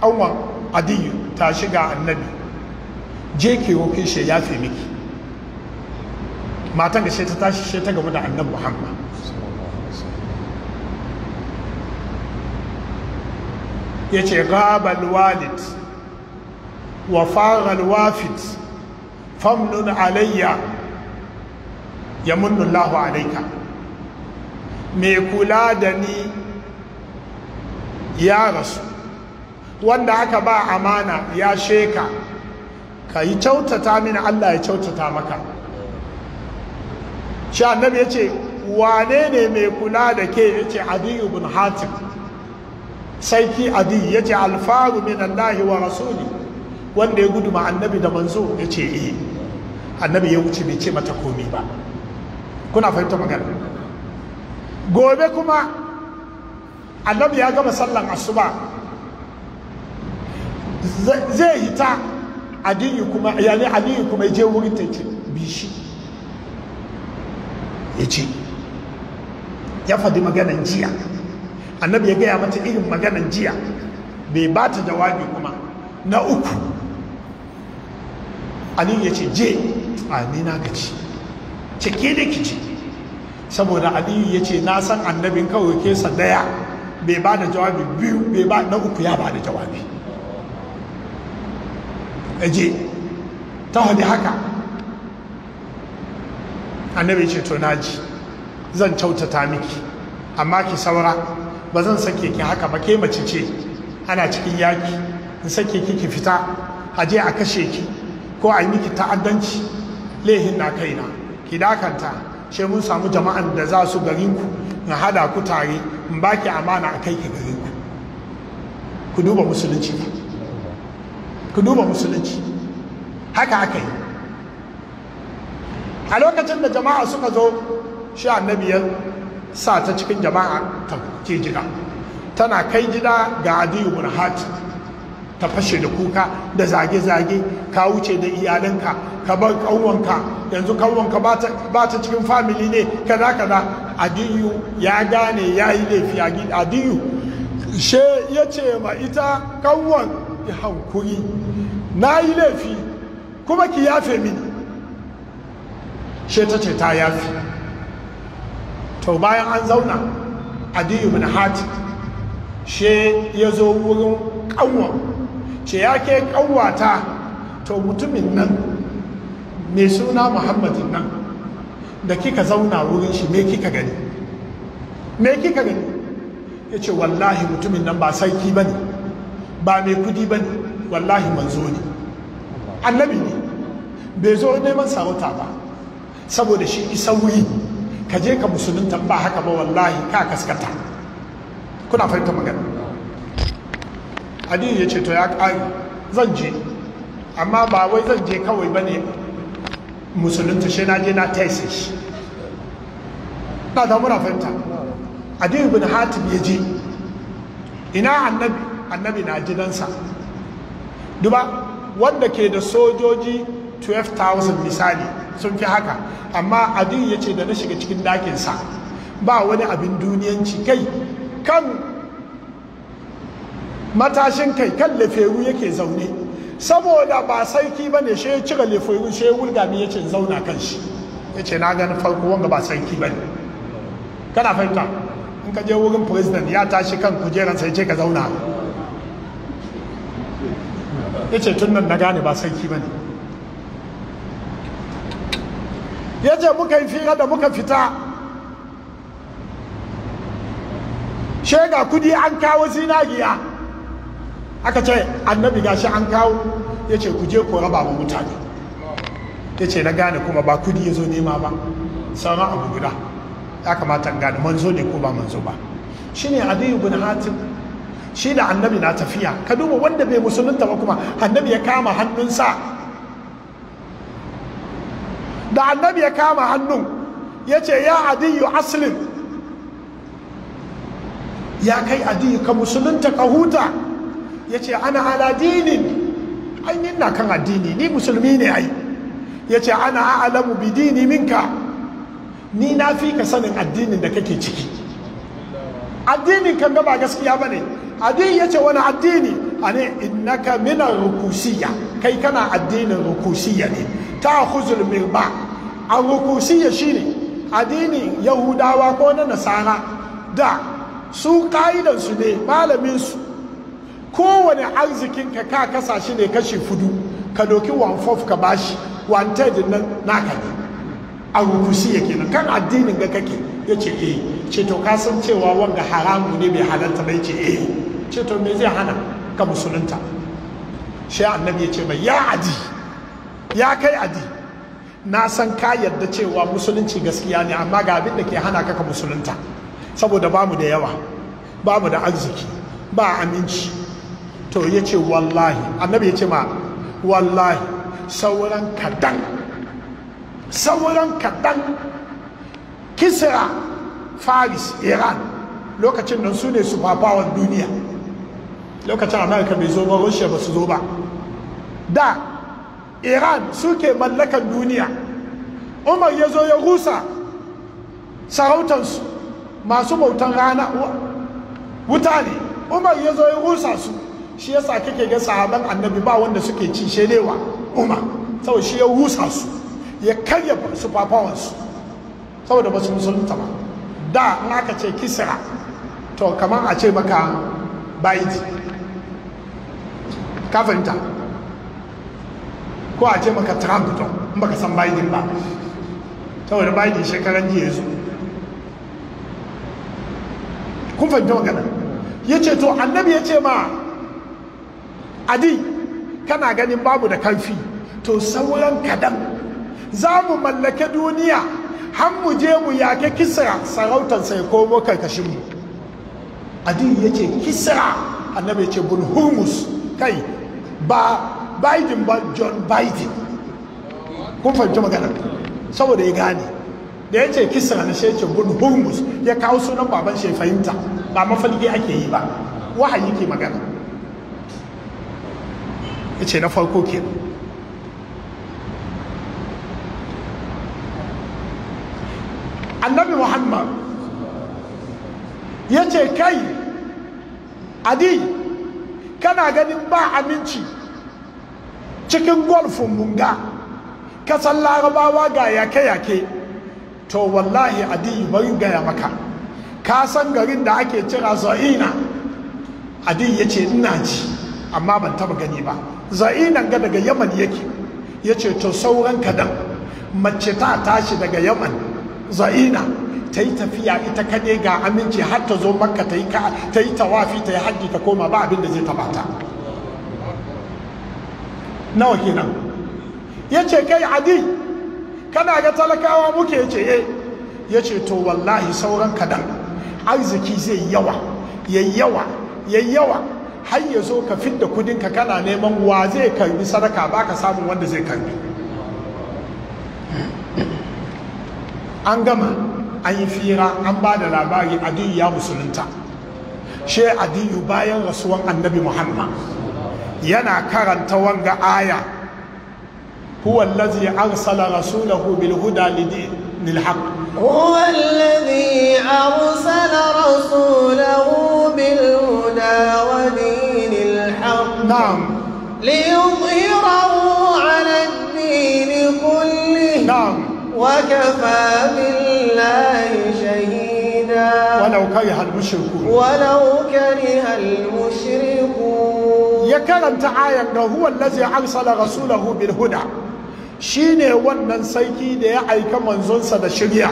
kanwar adiyu ta shiga annabi je ke wofin shi ya fi miki matan da shi ta tashi shi ta gaba da annabi muhammad ya ce gabal walid wa faral wafid famnun alayya ya munnullahu alaika mai kula da ni ya rasu wanda aka ba amana ya sheka ka yi kyautata mini allah ya kyautata maka shi annabi ya ce wane ne mai kula da ke ya ce adiyu bin hatim sarki adi ya ce alfaru min allahi wa rasuli wanda ya gudu ma annabi da manzo ya ce eh annabi ya wuce bai ce mata komi ba kuna fahimta magana gobe kuma annabi ya gama sallan asuba zai hita adiyu kuma yani aliyu kuma ya je wurin ta ce bishi ya ce ya faɗi maganan jiya annabi ya gaya mata irin maganan jiya bai ba ta jawabi kuma na uku ali ya ce je a ni na gaci cike da kici saboda ali ya ce na san annabin kawai kesa daya bai ba da jawabi biyu bai ba na uku ya ba da jawabi je ta hudu haka annabi ce to naji zan kyautata miki amma ki saura ba zan sake ki haka ba ke mace ce ana cikin yaki in sake ki ki fita a je a kashe ki ko a yi miki ta'addanci lehin na kaina ki dakanta shi mun samu jama'an da za su garin ku in hada ku tare in baki amana a kai ki garin ku ku duba musulunci ku duba musulunci haka aka yi a lokacin da jama'a suka zo shi annabi biyar. sa ta cikin jama'a ta ke gida tana kai gida ga adiyu hati ta fashe da kuka da zage-zage ka wuce da iyalanka ka bar kawonka yanzu kawonka ba ta cikin famili ne kada kada adiyu ya gane ya yi laifi adiyu she ya ce ma ita ya hankuri na yi laifi kuma ki yafe mini she ta ce ta yafe sau bayan an zauna adiyu bin hati she ya zo wurin ƙanwa ce ya ke ta to mutumin nan mai suna muhammadin nan da kika zauna wurin shi me kika gani me kika gani ya ce wallahi mutumin nan ba sarki ba ne ba mai kudi ba ne wallahi manzo ne annabi ne bai zo neman sarauta ba saboda shi isa wuri ka je ka musulunta ba haka ba wallahi ka kaskata kuna fahimta magana aliyu ya ce to ya ƙari zan je amma ba wai zan je kawai ba ne musulunta shi na je na taisa shi na da muna fahimta aliyu bin hatim ya je ina annabi annabi na gidansa duba wanda ke da sojoji 12,000 misali sun fi haka amma abin ya ce da na shiga cikin dakinsa ba wani abin duniyanci kai kan matashin kai kan lafewu yake zaune saboda ba sarki ba ne shi ya cire lafewu shi ya wulga ya ce zauna kan shi ya ce na gani farko wanga ba sarki ba ne kana fahimta in ka je wurin president ya tashi kan kujerar sai ce ka zauna ya ce tun nan na gane ba sarki ba ne ya ce muka yi fira da muka fita shega kudi an kawo zinariya aka ce annabi gashi an kawo ya ce ku je ku raba mu mutane ya ce na gane kuma ba kudi ya zo nema ba sauran abu guda ya kamata gane manzo ne ko ba manzo ba shi ne adiyu bin hatim shi da annabi na tafiya ka duba wanda bai musulunta ba kuma annabi ya kama hannunsa da annabi ya kama hannun ya ce ya adiyu aslim ya kai adiyu ka musulunta ka huta ya ce ana ala dinin ai na kan addini ni musulmi ne ai ya ce ana a'alamu bi dini minka ni na fi ka sanin addinin da kake ciki addinin kan gaba gaskiya bane addini ya ce wani addini ane innaka mina rukusiya kai kana addinin rukusiya ne ta huzul mirba shi shine addinin yahudawa ko na nasara da su ka'idansu ne malaminsu kowane arzikin ka ka kasa shi ne kashi fudu ka doki wanfof ka bashi one third nan naka ne a ke nan kan addinin ga kake ya ce eh ce to ka cewa wanga haramu ne mai halarta bai ce eh ce to me zai hana ka musulunta shi annabi ya ce mai ya adi ya kai adi na san ka yarda cewa musulunci gaskiya ne amma ga abin da ke hana kaka musulunta saboda ba mu da yawa ba mu da arziki ba aminci to ya ce wallahi annabi ya ce ma wallahi sauran kadan sauran kadan kisra faris iran lokacin nan su ne su duniya lokacin amurka bai zo ba rushe ba su zo ba da iran suke mallakan duniya umar ya zo ya rusa sarautansu masu bautan rana wuta ne umar ya zo ya rusa su shi yasa kake ga sahaban annabi ba wanda suke ci shelewa umar saboda shi ya rusa su ya karya su fafawansu saboda ba su musulunta ba da naka ce kisira to kamar a ce maka bayiti kafinta kafinta. ko a ce maka trump to in baka san biden ba saboda biden shekaran jiya su kun fahimta magana ya ce to annabi ya ce ma adi kana ganin babu da karfi to sauran kadan za mu mallake duniya har mu je mu yake kisra sarautar sai komo karkashin mu adi ya ce kisra annabi ya ce bulhumus kai ba biden ba john biden kun fahimci magana saboda ya gane da ya ce kisa na shece gudu hurmus ya kawo sunan baban shi fahimta ba mafalgi ake yi ba wahayi ke magana ya ce na farko ke annabi muhammad ya ce kai adi kana ganin ba aminci cikin golfin munga kasan larabawa ga yake-yake to wallahi adiyu bari gaya maka ka san garin da ake cira za'ina adiyu ya ce ina ji amma ban taba gani ba za'inan ga daga yaman yake ya ce to sauran kadan mace ta tashi daga yaman za'ina ta yi tafiya ita kaɗai ga aminci har ta zo makka ta yi tawafi ta yi hajji ta koma ba abin da zai tabata. nawa kenan ya ce kai adi kana ga talakawa muke ya ce eh ya ce to wallahi sauran kadan arziki zai yawa yawa, yayyawa yawa, har ya zo ka fidda kudinka kana neman wa zai karbi sadaka ba ka samun wanda zai karbi an gama an yi fira an ba da labari adiyu ya musulunta she adiyu bayan rasuwan annabi muhammad ينا كرنت وانغا آية هو الذي أرسل رسوله بالهدى للحق هو الذي أرسل رسوله بالهدى ودين الحق نعم ليظهره على الدين كله نعم وكفى بالله شهيدا ولو كره المشركون ولو كره المشركون ya karanta ayan da huwa allazi arsala rasulahu bil huda shine wannan sarki da ya aika manzonsa da shirya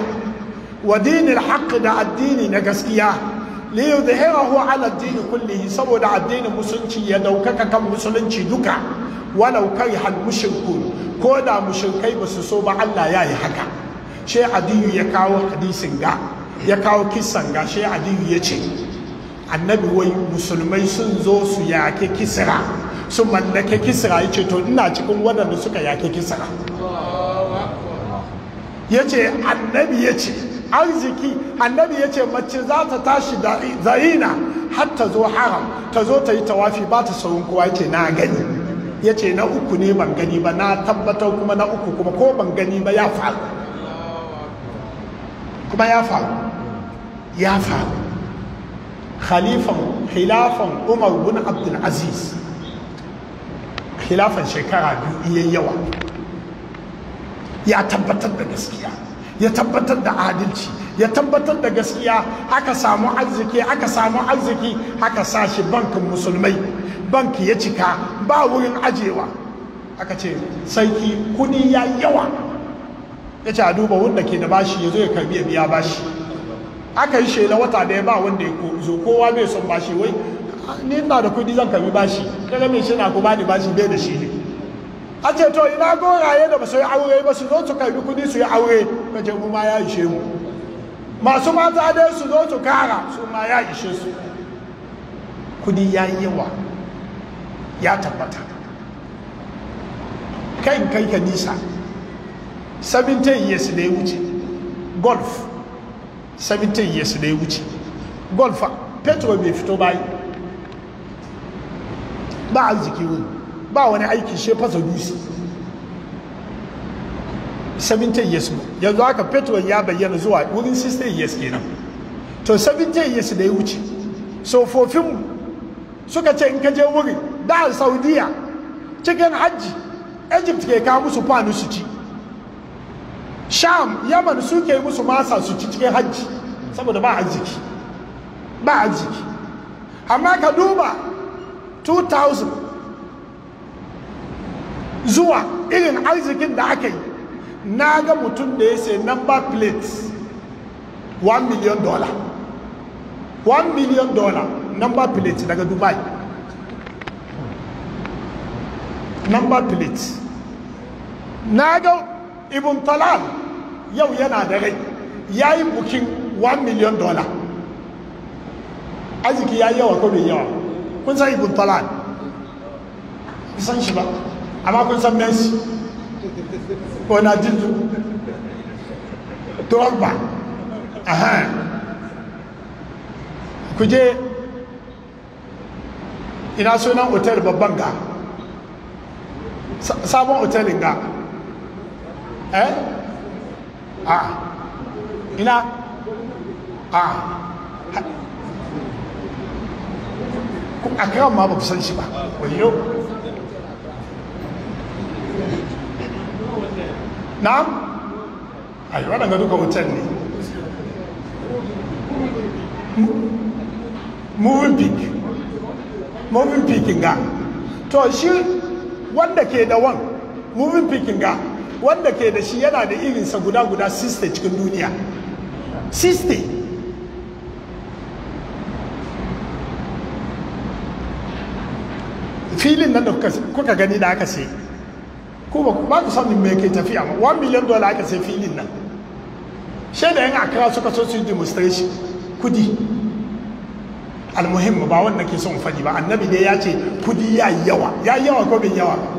wa dinil haqq da addini na gaskiya li yudhhirahu ala addini kullihi saboda addinin musulunci ya daukaka kan musulunci duka walau kai hal ko da mushrikai ba su so ba Allah ya yi haka shi adiyu ya kawo hadisin ga ya kawo kisan ga shi adiyu ya ce annabi wai musulmai sun zo su yake kisira su mallake kisira ya ce to ina cikin waɗanda suka yake kisira ya ce annabi ya ce arziki annabi ya ce mace za ta tashi zarina har ta zo haram ta zo ta yi tawafi ba ta saurin kowa ya ce na gani ya ce na uku ne ban gani ba na tabbatar kuma na uku kuma ko ban gani ba ya faru kuma ya faru ya faru khalifan khilafan umar bin abdul aziz khilafan shekara biyu iya yawa ya tabbatar da gaskiya ya tabbatar da adalci ya tabbatar da gaskiya aka samu arziki aka samu arziki aka sa shi bankin musulmai banki ya cika ba wurin ajewa aka ce sarki kudi ya yawa ya ce a duba wanda ke da bashi ya zo ya karbi ya biya bashi aka yi shela wata daya ba wanda ya zo kowa bai son bashi wai ni ina da kudi zan karbi bashi kaga mai shi na ko bani bashi bai da shi ne a ce to ina goraye da ba yi aure ba su zo su karbi kudi su yi aure ka ce kuma ya ishe mu masu mata dai su zo su kara su ma ya ishe su kudi ya yi yawa ya tabbata kai kai ka nisa 17 years da ya wuce golf 17 years da ya wuce golfa petro bai fito bayi ba arziki wuri ba wani aiki she fasa dusi 17 years mu yanzu haka petro ya bayyana zuwa wurin 16 years kenan to 17 years da ya wuce tsofaffin suka ce in ka je wuri da saudiya cikin hajji egypt ke kawo musu fanu su ci sham yaman suke yi musu masa su ci cikin hajji saboda ba arziki ba arziki amma ka duba 2000 zuwa irin arzikin da aka yi na ga mutum da ya sai number plate 1 million dollar 1 million dollar number plate daga dubai number plate na ga ibn talal yau yana da rai ya yi bukin 1 million dollar arziki ya yi yawa ko bai yawa kun san ibn talan san shi ba amma kun san messi ko na jindu drogba aha ku je ina sunan otel babban ga sabon otelin ga eh a ina a a kiran ma ba ku san shi ba wayo na'am ayi waɗanda duka wutan ne moving peak moving peak ga to shi wanda ke da wan moving peak ga wanda ke da shi yana da irinsa guda guda siste cikin duniya siste filin nan da kuka gani da aka sai ko ba ku sanin mai ke tafiya ba 1 million dollar aka sai filin nan shaida yin akara suka so su yi demonstration kudi almuhimmu ba wanda ke son fadi ba annabi dai ya ce kudi ya yawa ya yawa ko bin yawa ba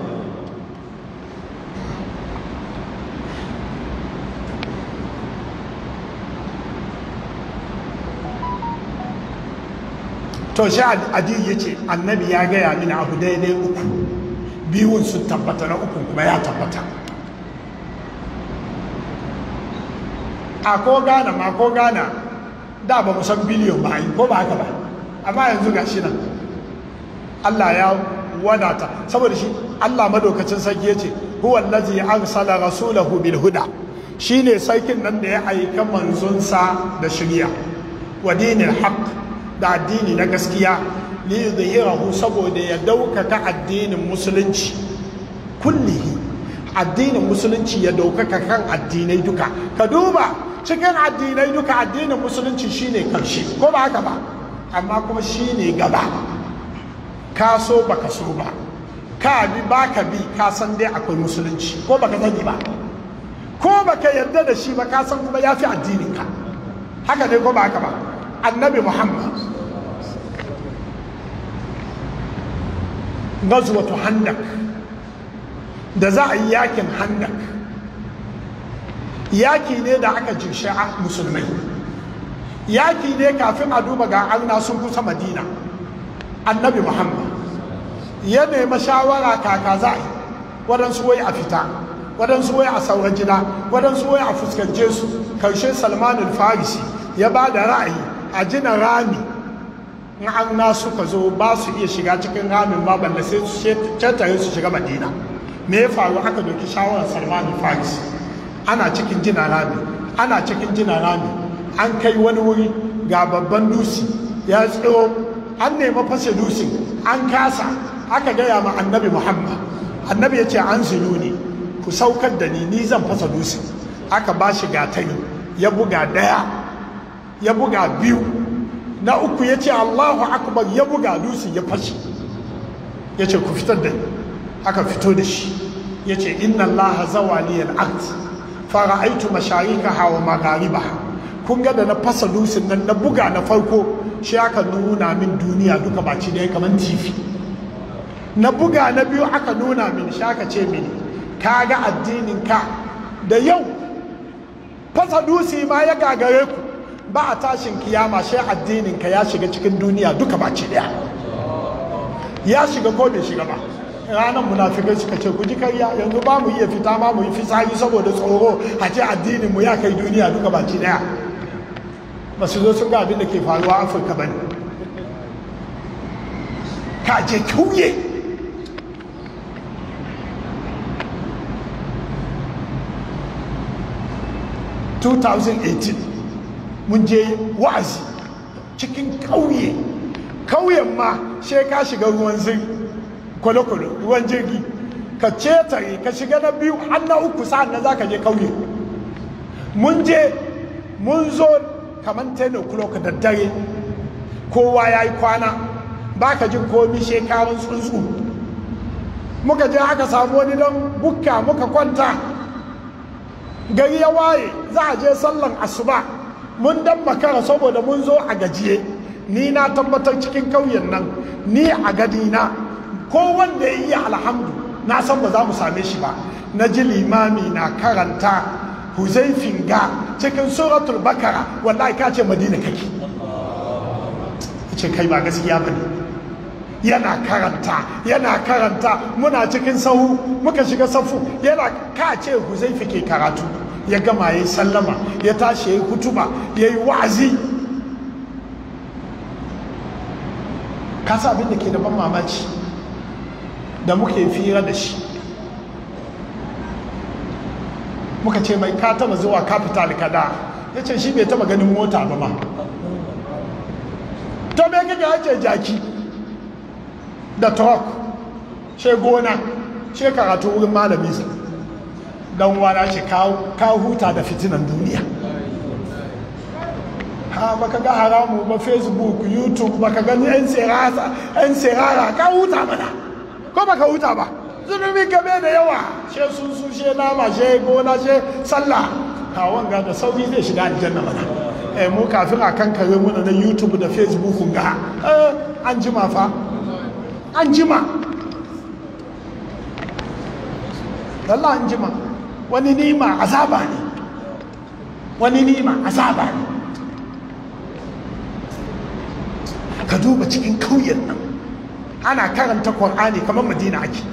to shi adi ya ce annabi ya gaya mini abu daidai uku biyun su tabbata na uku kuma ya tabbata a ko gana ma ko gana da ba mu san biliyon ba ko ba haka ba amma yanzu ga shi nan Allah ya wadata saboda shi Allah madaukacin sarki ya ce huwa allazi arsala rasulahu bil huda shine sarkin nan da ya aika manzonsa da shirya wa dinil haqq da addini na gaskiya li yuzhirahu saboda ya daukaka addinin musulunci kullihi addinin musulunci ya daukaka kan addinai duka ka duba cikin addinai duka addinin musulunci shine karshe ko ba haka ba amma kuma shine gaba ka so baka so ba ka bi ba ka bi ka san dai akwai musulunci ko baka sani ba ko baka yarda da shi ba ka san kuma ya addinin ka haka ne ko ba haka ba annabi muhammad gazwatu handak da za a yi yakin handak yaki ne da aka jinshi a musulmai yaki ne kafin a duba ga arna sun kusa madina annabi muhammad ya nemi shawara kaka za a yi waɗansu wai a fita waɗansu wai a sauran gida waɗansu wai a fuskance su karshe salman farisi ya ba da ra'ayi a jina rami in na suka zo ba su iya shiga cikin ramin ba balle sai su tattare su shiga madina me ya faru aka doki shawarar salman faris ana cikin jina rami ana cikin jina rami an kai wani wuri ga babban dusi ya tsiro an nema fasa dusi. an kasa aka gaya ma annabi muhammad annabi ya ce an zinu ne ku saukar da ni ni zan fasa dusi. aka ba shi gatari ya buga daya ya buga biyu na uku ya ce allahu akbar ya buga dusi ya fashi ya ce ku fitar da aka fito da shi ya ce inna allaha zawaliyar art fara aitu masharika hawa magariba kun ga da na fasa dusin nan na buga na farko shi aka nuna min duniya duka baci da ya kamar tifi na buga na biyu aka nuna min shi aka ce mini ka ga addinin ka da yau fasa dusi ma ya gagare ku ba a tashin kiyama addinin ka ya shiga cikin duniya duka ce daya ya shiga ko bai shiga ba ranar munafikai suka ce ku ji karya yanzu ba mu iya fita ma mu yi fitsari saboda tsoro a ce addinin mu ya kai duniya duka ce daya ba su zo sun ga abin da ke faruwa afirka ba ne ka je thousand eighteen. mun je wa'azi cikin kauye kauyen ma she ka shiga ruwan zin kwalokwalo ruwan jirgi ka cetare ka shiga na biyu har na uku sa'an na za ka je kauye mun je mun zo kamar 10 o'clock da dare kowa ya yi kwana ba ka jin komi shekarun tsuntsu muka je haka samu wani don bukka muka kwanta gari ya waye za a je sallan asuba mun dan makara saboda mun zo a gajiye ni na tabbatar cikin kauyen nan ni a gadi na ko wanda ya iya alhamdu na san ba za mu same shi ba na ji limami na karanta huzaifin ga cikin suratul bakara wallahi ka ce madina kake kai ba gaskiya ba ne yana karanta yana karanta muna cikin sahu muka shiga safu yana ka ce huzaifi ke karatu ya gama ya sallama ya tashi ya yi hutuba ya yi wa'azi kasa abin da ke da ban mamaci da muke fira da shi muka ce mai ka taba zuwa capital kada ya ce shi bai taba ganin mota ba ma to bai kaga ya ce jaki da truck shi gona shi karatu wurin malamisa. dan wara ce ka huta da fitinan duniya ha baka ga haramu ba facebook youtube baka gani yan sirasa yan sirara ka huta mana ko baka huta ba zunubi game da yawa she sun su she nama she gona she sallah kawon ga da sauki zai shiga aljanna mana eh mu kafin a kan kare mu na youtube da facebook ga eh, an jima fa an jima Allah an jima wani nima azaba ne wani nima azaba ne ka duba cikin kauyen nan ana karanta ƙwar'ani kamar madina ake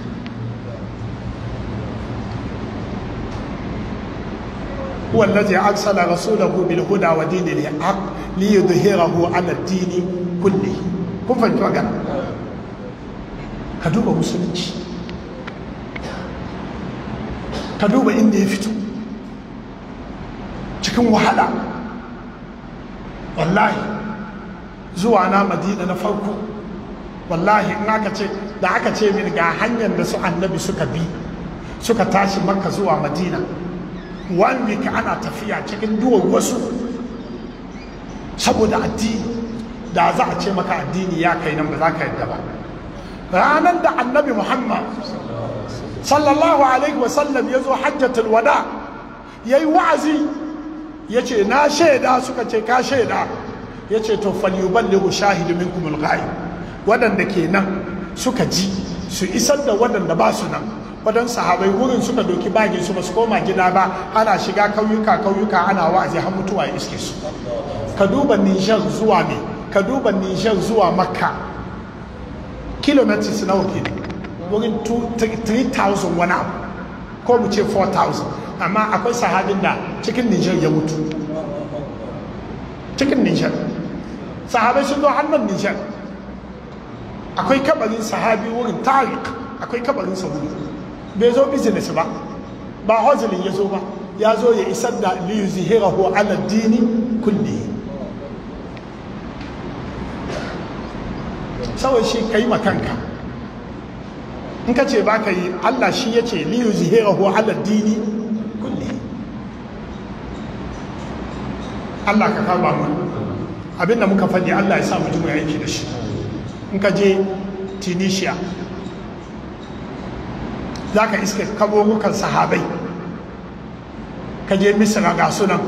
dini ne رسوله بالهدى da hira ko ana dini كله kun fahimci magana ka duba musulunci ka duba inda ya fito cikin wahala wallahi zuwa na madina na farko wallahi in aka ce da aka ce min ga hanyar da su annabi suka bi suka tashi makka zuwa madina one week ana tafiya cikin duwar wasu saboda addini da za a ce maka addini ya kai nan ba za ka yadda ba ranar da annabi muhammad sallallahu alaihi wasallam ya zo hajjatul wada ya yi wa'azi ya ce na shaida suka ce ka shaida ya ce to ku shahidu min kuma ghaib waɗanda ke nan suka ji su isar da waɗanda ba su nan wadan sahabai wurin suka doki bagin su basu koma gida ba ana shiga kauyuka kauyuka ana wa'azi har mutuwa ya iske su ka duba nijar zuwa me ka duba nijar zuwa Makka kilometers nawa kenan wurin 3,000 wani abu ko mu ce 4,000 amma akwai sahabin da cikin nijar ya mutu cikin nijar sahabai sun zo hannun nijar akwai kabarin sahabi wurin tarik akwai kabarin sa wurin bai zo business ba ba hozilin ya zo ba ya zo ya isar da liyu zihira ko dini kulli saboda shi ka yi makanka in ka ce baka yi Allah shi ya ce liyu zihirahu ala dini kulli Allah ka kama mu abinda muka faɗi Allah ya sa mu mu aiki da shi in ka je Tunisia za ka iske kabobokan sahabai ka je Misira ga sunan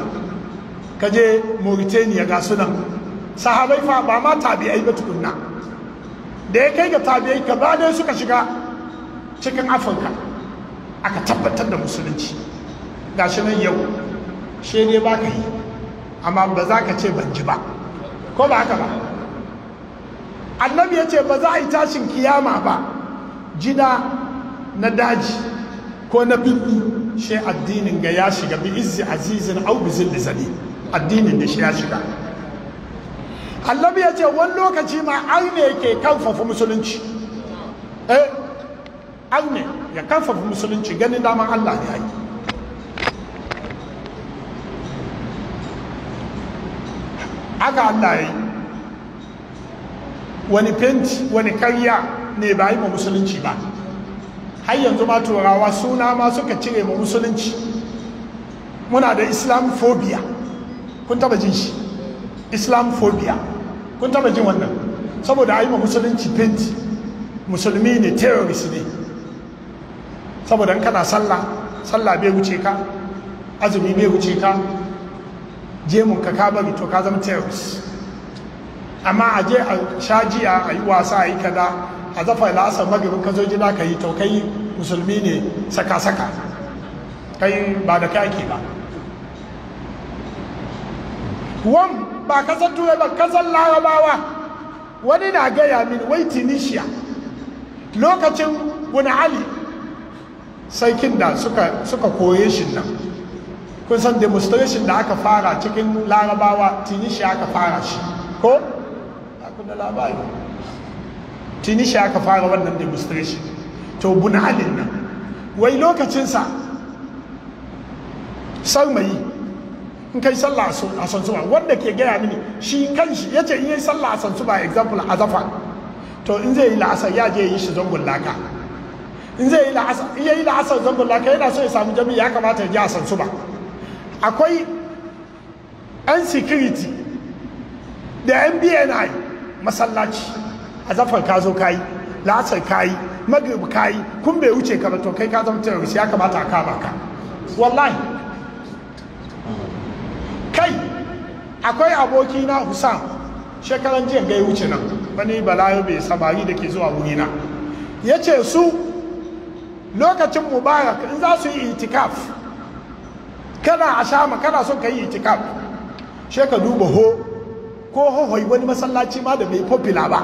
ka je Mauritania ga sunan sahabai fa ba ma tabi'ai ba tukunna da ya kai ga tabi'ai ka ba dai suka shiga cikin afirka aka tabbatar da musulunci ga shi nan yau shi ne ba ka yi amma ba za ka ce ban ji ba ko ba haka ba annabi ya ce ba za a yi tashin kiyama ba jida na daji ko na bibi shi addinin ga ya shiga bi izzi azizin au bi zilli zali addinin da shi ya shiga annabi ya ce wani lokaci ma ai ne ke kamfafa musulunci eh, ne ya karfafa musulunci ganin daman allah ne yi aka allah ya yi wani fenti wani karya ne ba yi ma musulunci ba har yanzu ma turawa suna ma suka cire ma musulunci muna da islamophobia kun taba jin shi islamophobia kun taba jin wannan saboda a yi ma musulunci fenti musulmi ne terrorist ne saboda in kana sallah sallah bai wuce ka azumi bai wuce ka jemun ka kaba bari to ka zama terrorist amma a je a shajiya a yi wasa a yi kada a zafa la'asar magabin ka zo gida ka yi to kai musulmi ne saka-saka kai ba da kai ake ba wan ba kasar turai ba kasar larabawa wani na gaya min wai tunisia lokacin wani ali sarkin da suka koye shi nan kun san demonstration da aka fara cikin larabawa tunishi aka fara shi ko? aku da labari tunishi aka fara wannan demonstration to bunalin nan wai lokacinsa sarmayi in kai sallah a sansuba wanda ke gaya mini shi kan shi ya ce in yi sallah a sansuba example a zafa to in zai yi la'asar ya je yi shi zangon laka in zai yi la'asar in yayi la'asar zambul laka yana so ya samu jami'i ya kamata ya ji a sansu ba akwai yan security da yan masallaci a zafar ka zo kayi la'asar kayi magrib kayi kun bai wuce ka to kai ka zama terrorist ya kamata a kama ka wallahi kai akwai aboki na husam shekaran jiya ga ya wuce nan wani balayo bai samari da ke zuwa wurina ya ce su lokacin mubarak in za su yi itikaf kana a shama kana son ka yi itikaf she ka duba ho ko hohoi wani masallaci ma da mai popular ba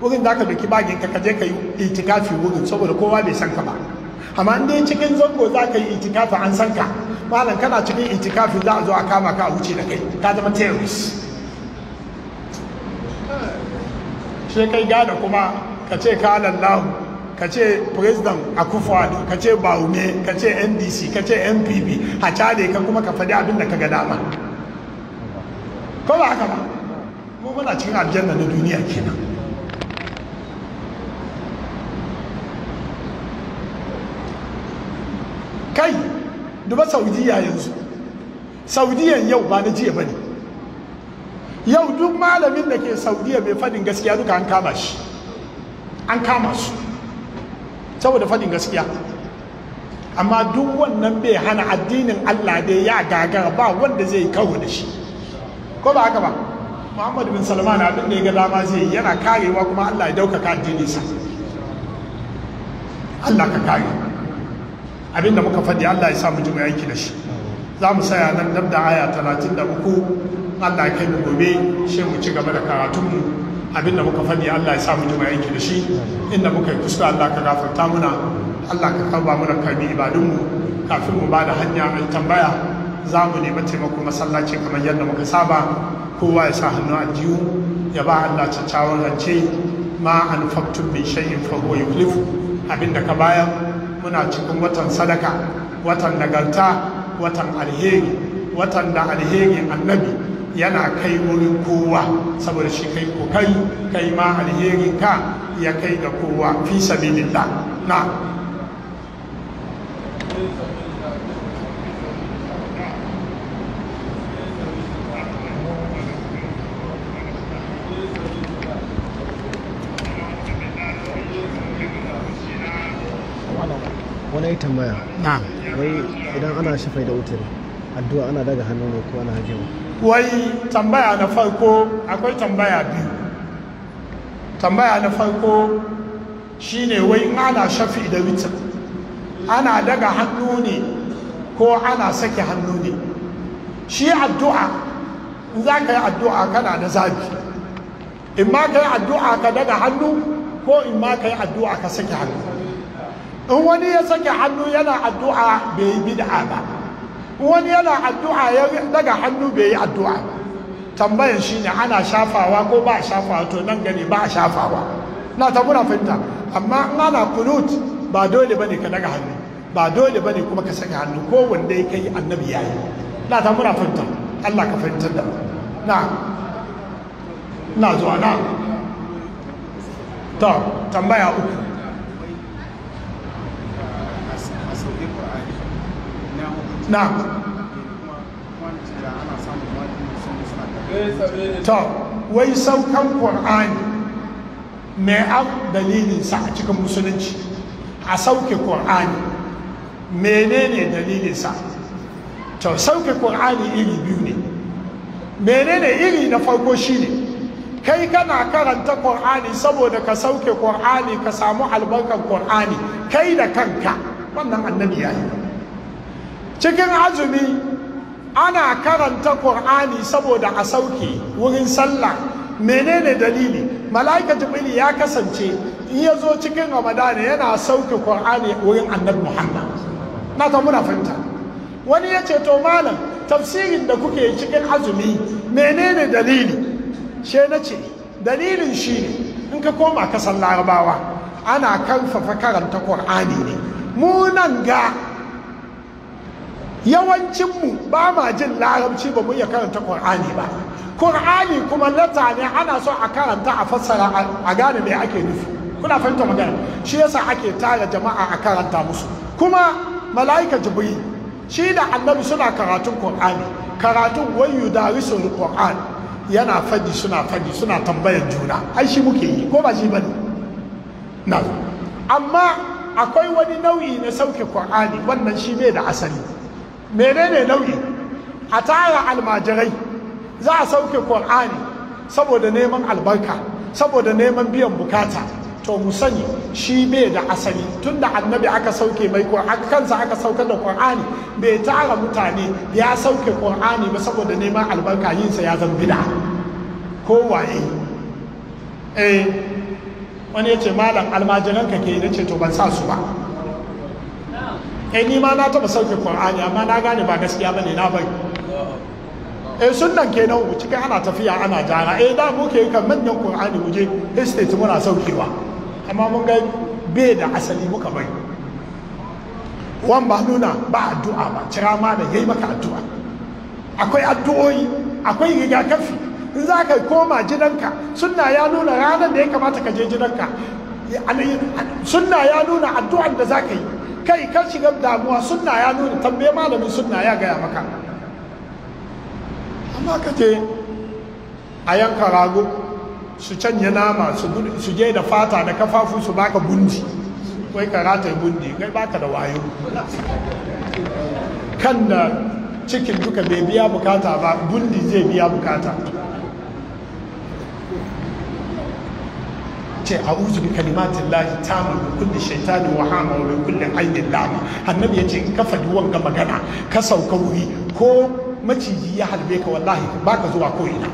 wurin da aka doki bagin ka kaje ka yi itikafi wurin saboda kowa bai san ka ba amma in dai cikin zango za ka yi itikafi an san ka malam kana cikin itikafi za a zo a kama ka a wuce da kai ka zama terrorist she kai gane kuma ka ce ka lallahu ka ce president akufo-addo ka ce baume ka ce ndc ka ce npp a cade ka kuma ka faɗi abin da ka ga dama ko ba haka ba mu muna cikin aljanna na duniya kenan kai duba saudiya yanzu saudiyan yau ba na jiya ba ne yau duk malamin da ke saudiya mai faɗin gaskiya duka an kama shi an kama su saboda faɗin gaskiya amma duk wannan bai hana addinin Allah dai ya gagara ba wanda zai yi kawo da shi ko ba haka ba Muhammad bin Salman abin da ya ga dama zai yi yana karewa kuma Allah ya daukaka addinin sa Allah ka kare abin da muka faɗi Allah ya sa mu ji mu da shi za mu saya nan dab da aya 33 Allah ya kai mu gobe shi mu ci gaba da karatunmu abinda muka faɗi Allah ya samu juma'a aiki da shi inda muka yi kusa Allah ka gafarta muna Allah ka kaba muna karbi ibadunmu kafin mu ba da hanya mai tambaya za mu nemi taimako masallaci kamar yadda muka saba kowa ya sa hannu a jiyu ya ba Allah caccawan rance ma an faktu bi shay'in fa huwa yuklif abinda ka bayar muna cikin watan sadaka watan nagarta watan alheri watan da alherin annabi yana kai wurin kowa saboda shi kai kokari kai ma alherin ka ya kai ga kowa fi sabilillah na wani yi tambaya wai idan ana shafai da wutar addu'a ana daga hannu ne ko ana hajjewa wai tambaya na farko akwai tambaya biyu tambaya na farko shine wai ana shafi da wita ana daga hannu ne ko ana sake hannu ne shi addu'a in za ka yi addu'a kana da zabi in ma ka yi addu'a ka daga hannu ko in ma ka yi addu'a ka sake hannu in wani ya sake hannu yana addu'a bai yi bid'a ba wani yana addu'a ya daga hannu bai yi addu'a tambayan shine ana shafawa ko ba a shafawa to nan gani ba a shafawa na ta muna fahimta amma in ana kunut ba dole bane ka daga hannu ba dole bane kuma ka saka hannu ko wanda ya yi. annabi yayi na ta muna fahimta Allah ka fahimtar da na na zuwa na to tambaya uku na wai saukan ƙwar'ani mai an dalilinsa a cikin musulunci a sauke ƙwar'ani menene dalilinsa to sauke ƙwar'ani iri biyu ne menene iri na farko shi ne? kai kana karanta ƙwar'ani saboda ka sauke ƙwar'ani ka samu albarkar ƙwar'ani kai da kanka wannan annabi ya yi cikin azumi ana karanta Kur'ani saboda a sauke wurin sallah menene dalili mala'ika jibril ya kasance in ya zo cikin ramadana yana sauke qur'ani wurin annabi muhammad na ta muna fahimta wani ya ce to malam tafsirin da kuke cikin azumi menene dalili she na ce dalilin shi ne in ka koma kasan larabawa ana karfafa karanta Kur'ani ne mu nan ga yawancinmu ba ma jin larabci ba mu iya karanta ƙwar'ani ba ƙwar'ani kuma lata ne ana so a karanta a fassara a gane me ake nufi kuna fahimta magana shi yasa ake tara jama'a a karanta musu kuma mala'ika jibri shi da annabi suna karatun ƙwar'ani karatun wayu darisul ƙwar'ani yana fadi suna fadi suna tambayar juna ai shi muke yi ko ba shi ne? na amma akwai wani nau'i na sauke ƙwar'ani wannan shi ne da asali menene nau'i? a tara almajirai za a sauke ƙwar'ani saboda neman albarka saboda neman biyan bukata to mu sani shi bai da asali tun da annabi aka sauke mai kansa aka saukar da ƙwar'ani bai tara mutane ya sauke ƙwar'ani ba saboda neman albarka yinsa ya zan bida kowaye eh wani ya ce malam almajiranka ke na ce to ban sa su ba E ni ma na taba sauke qur'ani amma na gane ba gaskiya bane na bai eh sunnan kenan ku cikin ana tafiya ana jara eh da mu ke kan manyan qur'ani mu estate muna saukewa amma mun ga bai da asali muka bari wan ba nuna ba addu'a ba cira ma da yayi maka addu'a akwai addu'o'i akwai kafi in za ka koma gidanka sunna ya nuna ranar da ya kamata ka je gidanka sunna ya nuna addu'ar da za ka yi kai ka shiga damuwa sunna ya nuna tambaye malamin sunna ya gaya maka amma ka je a yanka rago su canja nama su je da fata da kafafu su baka bundi kai ka bundi kai baka da wayo kan da cikin duka bai biya bukata ba bundi zai biya bukata ce a'udhu bi kalimatin lahi tamu bi kulli shaitani wa hama wa bi kulli ainin lama annabi yace in ka faɗi wanga magana ka sauka wuri ko maciji ya halbe ka wallahi baka zuwa ko ina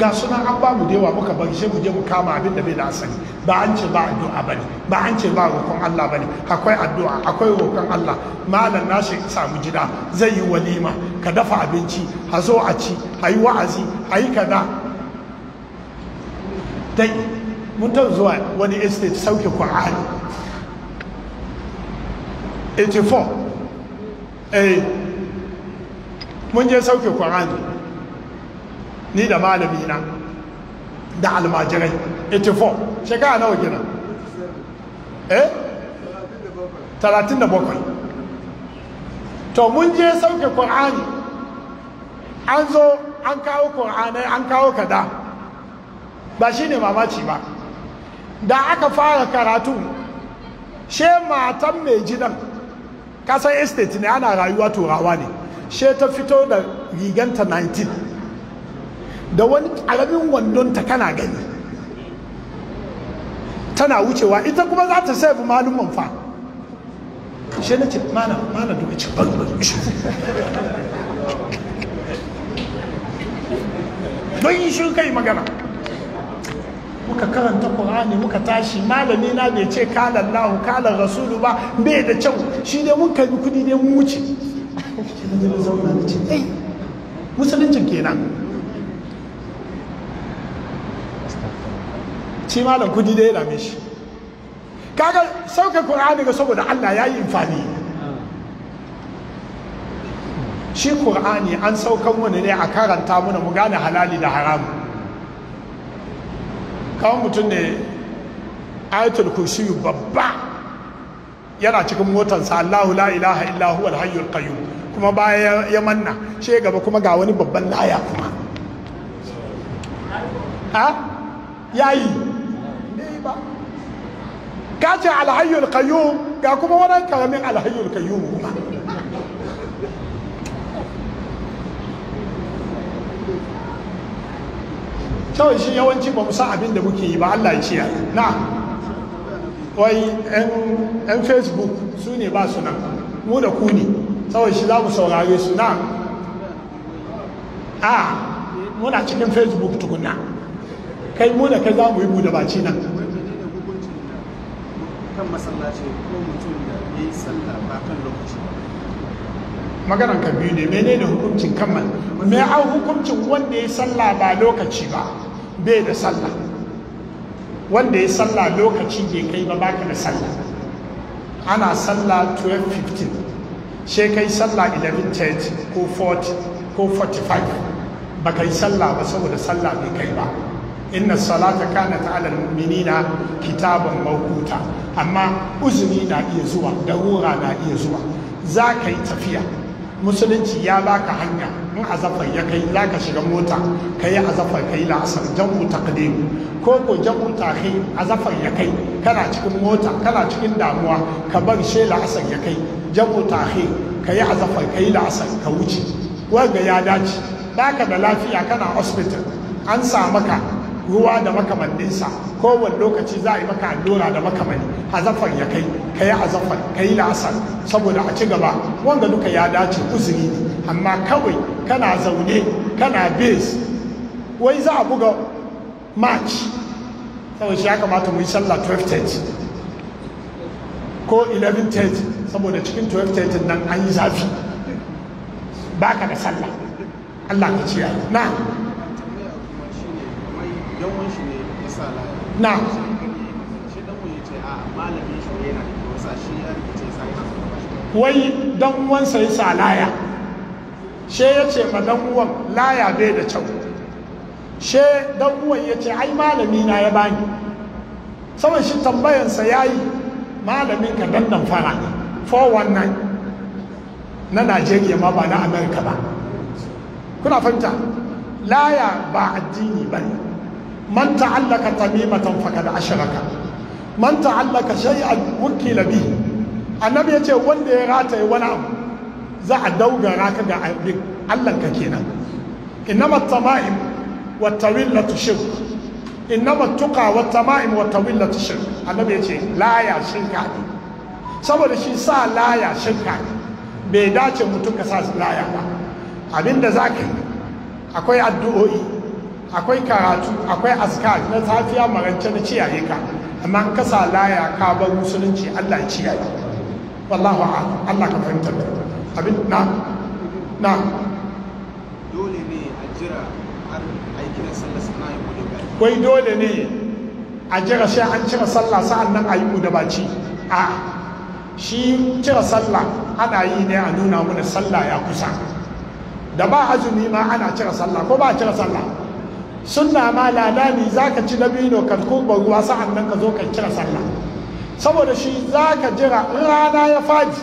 ga suna an ba da dewa muka bari sai mu je mu kama abin da bai da asali ba an ce ba addu'a bane ba an ce ba roƙon Allah bane akwai addu'a akwai roƙon Allah malam nashi samu gida zai yi walima ka dafa abinci a zo a ci a yi wa'azi a yi kaza dai mun ta zuwa wani estate sauke Qur'ani 84 eh mun je sauke Qur'ani ni da malami na da almajirai 84 shekara nawa gina eh 37 to mun je sauke qur'ani an zo an kawo ƙur'anai an kawo kada ba shine mamaci ba da aka fara karatu she matan mai gidan kasar estate ne ana rayuwa turawa ne she ta fito da riganta 19 da wani ƙaramin wandonta kana gani tana wucewa ita kuma za ta saifu malumman fa shi na ce mana mana duka ce balbal shi don yi shi kai magana muka karanta ƙorani muka tashi malami na bai ce kalan lahu kalan rasulu ba bai da kyau shi ne mun kai kudi ne mun wuce shi na zauna na ce ɗai musuluncin kenan shi malam kudi da ya dame shi kaga sauka qur'ani ga saboda Allah ya yi infani shi qur'ani an saukan wani ne a karanta muna mu gane halali da haramu kawai mutum ne ayatul kursi babba yana cikin motarsa Allahu la ilaha illa huwal qayyum kuma baya ya manna shi gaba kuma ga wani babban laya kuma ha yayi ba ka ce alhayyul qayyum ga kuma wani karamin alhayyul qayyum kuma kawai shi yawanci ba mu san abin da muke yi ba Allah ya ce ya na wai yan facebook su ne ba su nan mu da ku ne kawai shi za mu saurare su na a muna cikin facebook tukuna kai mu da kai za mu yi buɗe baci nan kan masallaci ko mutum da ya yi sallah ba kan lokaci maganan ka biyu ne ne hukuncin kammal me an hukuncin wanda ya sallah ba lokaci ba bai da sallah wanda ya sallah lokaci bai kai ba baka da sallah ana sallah 12:15 she kai sallah 11:30 ko 40 ko 45 ba yi sallah ba saboda sallah bai kai ba inna salata kana ta alal mu'minina kitaban amma uzumi na iya zuwa da darura na iya zuwa za ka yi tafiya musulunci ya baka hanya in azafar ya kai za ka shiga mota ka yi azafar ka yi la'asar jam'u taqdim ko ko ta kai azafar ya kai kana cikin mota kana cikin damuwa ka bar she la'asar ya kai jam'u kai ka yi azafar ka yi la'asar ka wuce wanga ya dace baka da lafiya kana hospital an samu ka. ruwa da makamanninsa kowane lokaci za a yi maka allura da makamani hazafar ya kai ka yi hazafar ka yi la'asar saboda a ci gaba wanga duka ya dace uzuri ne amma kawai kana zaune kana base wai za a buga march saboda shi ya kamata mu yi sallah 12:30 ko 11:30 saboda cikin 12:30 nan an yi zafi ba ka da sallah Allah ka ciya na yan wani shi ne ya sa laya na shi dan wani ce a malamin shi yana da wasa shi ya rikice sa yana wai dan uwansa ya sa laya she ya ce ma dan uwan laya bai da kyau she dan uwan ya ce ai malami na ya bani saboda shi tambayansa ya yi malamin ka dan nan fara 419 na Najeriya ma ba na Amerika ba. Kuna fahimta? Laya ba addini bane. man ta'allaka tamimatan faqad ashraka man ta'allaka shay'an wukila bihi annabi yace wanda ya rataye wani abu za a daugara ka ga abin Allah ka kenan innama tama'im wa tawillatu shirk innama tuqa wa tama'im wa tawillatu shirk annabi yace laya shirka ne saboda shi sa laya shirka ne bai dace mutum ka sa laya ba abinda zaka yi akwai addu'o'i akwai karatu akwai askar na safiya marance na ciyaye ka amma ka sa laya ka bar musulunci Allah ya ciyaye wallahu a Allah ka fahimtar da abin na na dole ne a jira har aikin sallah sana ya bude ba? kai dole ne a jira sai an cire sallah sa'an nan a yi ba ci. a shi cire sallah ana yi ne a nuna mana sallah ya kusa da ba azumi ma ana cire sallah ko ba a cire sallah sunna ma ne za ka ci dabino ka tuba ruwa sa'an nan ka zo ka kira sallah saboda shi za ka jira in rana ya faji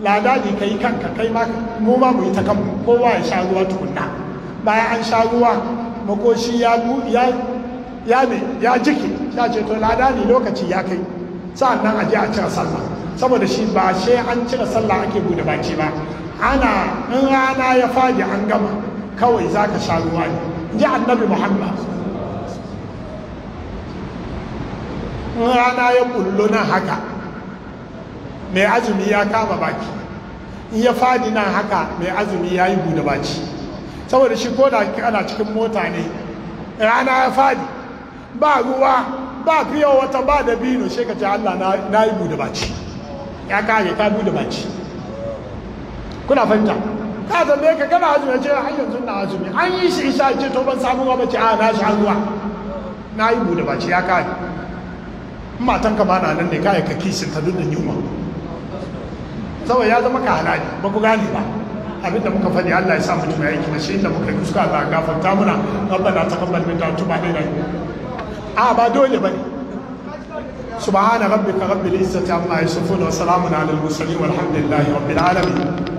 ne ka yi kanka kai ma mu ma mu yi ta kanmu kowa ya sha ruwa tukunna bayan an sha ruwa makoshi ya ya ne ya jiki ya ce to ne lokaci ya kai sa'an nan a je a cira sallah saboda shi ba she an cira sallah ake bude baki ba ana in rana ya faji an gama kawai za ka sha ruwa ne ji annabi muhammad rana ya kullo nan haka mai azumi ya kama baki ya fadi nan haka mai azumi ya yi buɗe baci saboda shi ko da ana cikin mota ne rana ya fadi ba ruwa ba fiye wata ba da bino sai ka ce allah na yi buɗe baci ya kare ka buɗe baci kuna fahimta ka tambaye ka kana azumi ce har yanzu na azumi an yi shi isa ce to ban samu ba ce a na shi hannuwa. na yi bude ba ce ya kai matan ka na nan ne kai ka kishi ta dukkan yunwa saboda ya zama ka halali ba ku gane ba abin da muka fadi Allah ya sa mutum ya yi da shi inda muka kuska za a gafarta muna rabbana taqabbal minna tuba ilaina a ba dole ba bane subhana rabbika rabbil izzati amma yasifun wa salamun alal mursalin walhamdulillahi rabbil alamin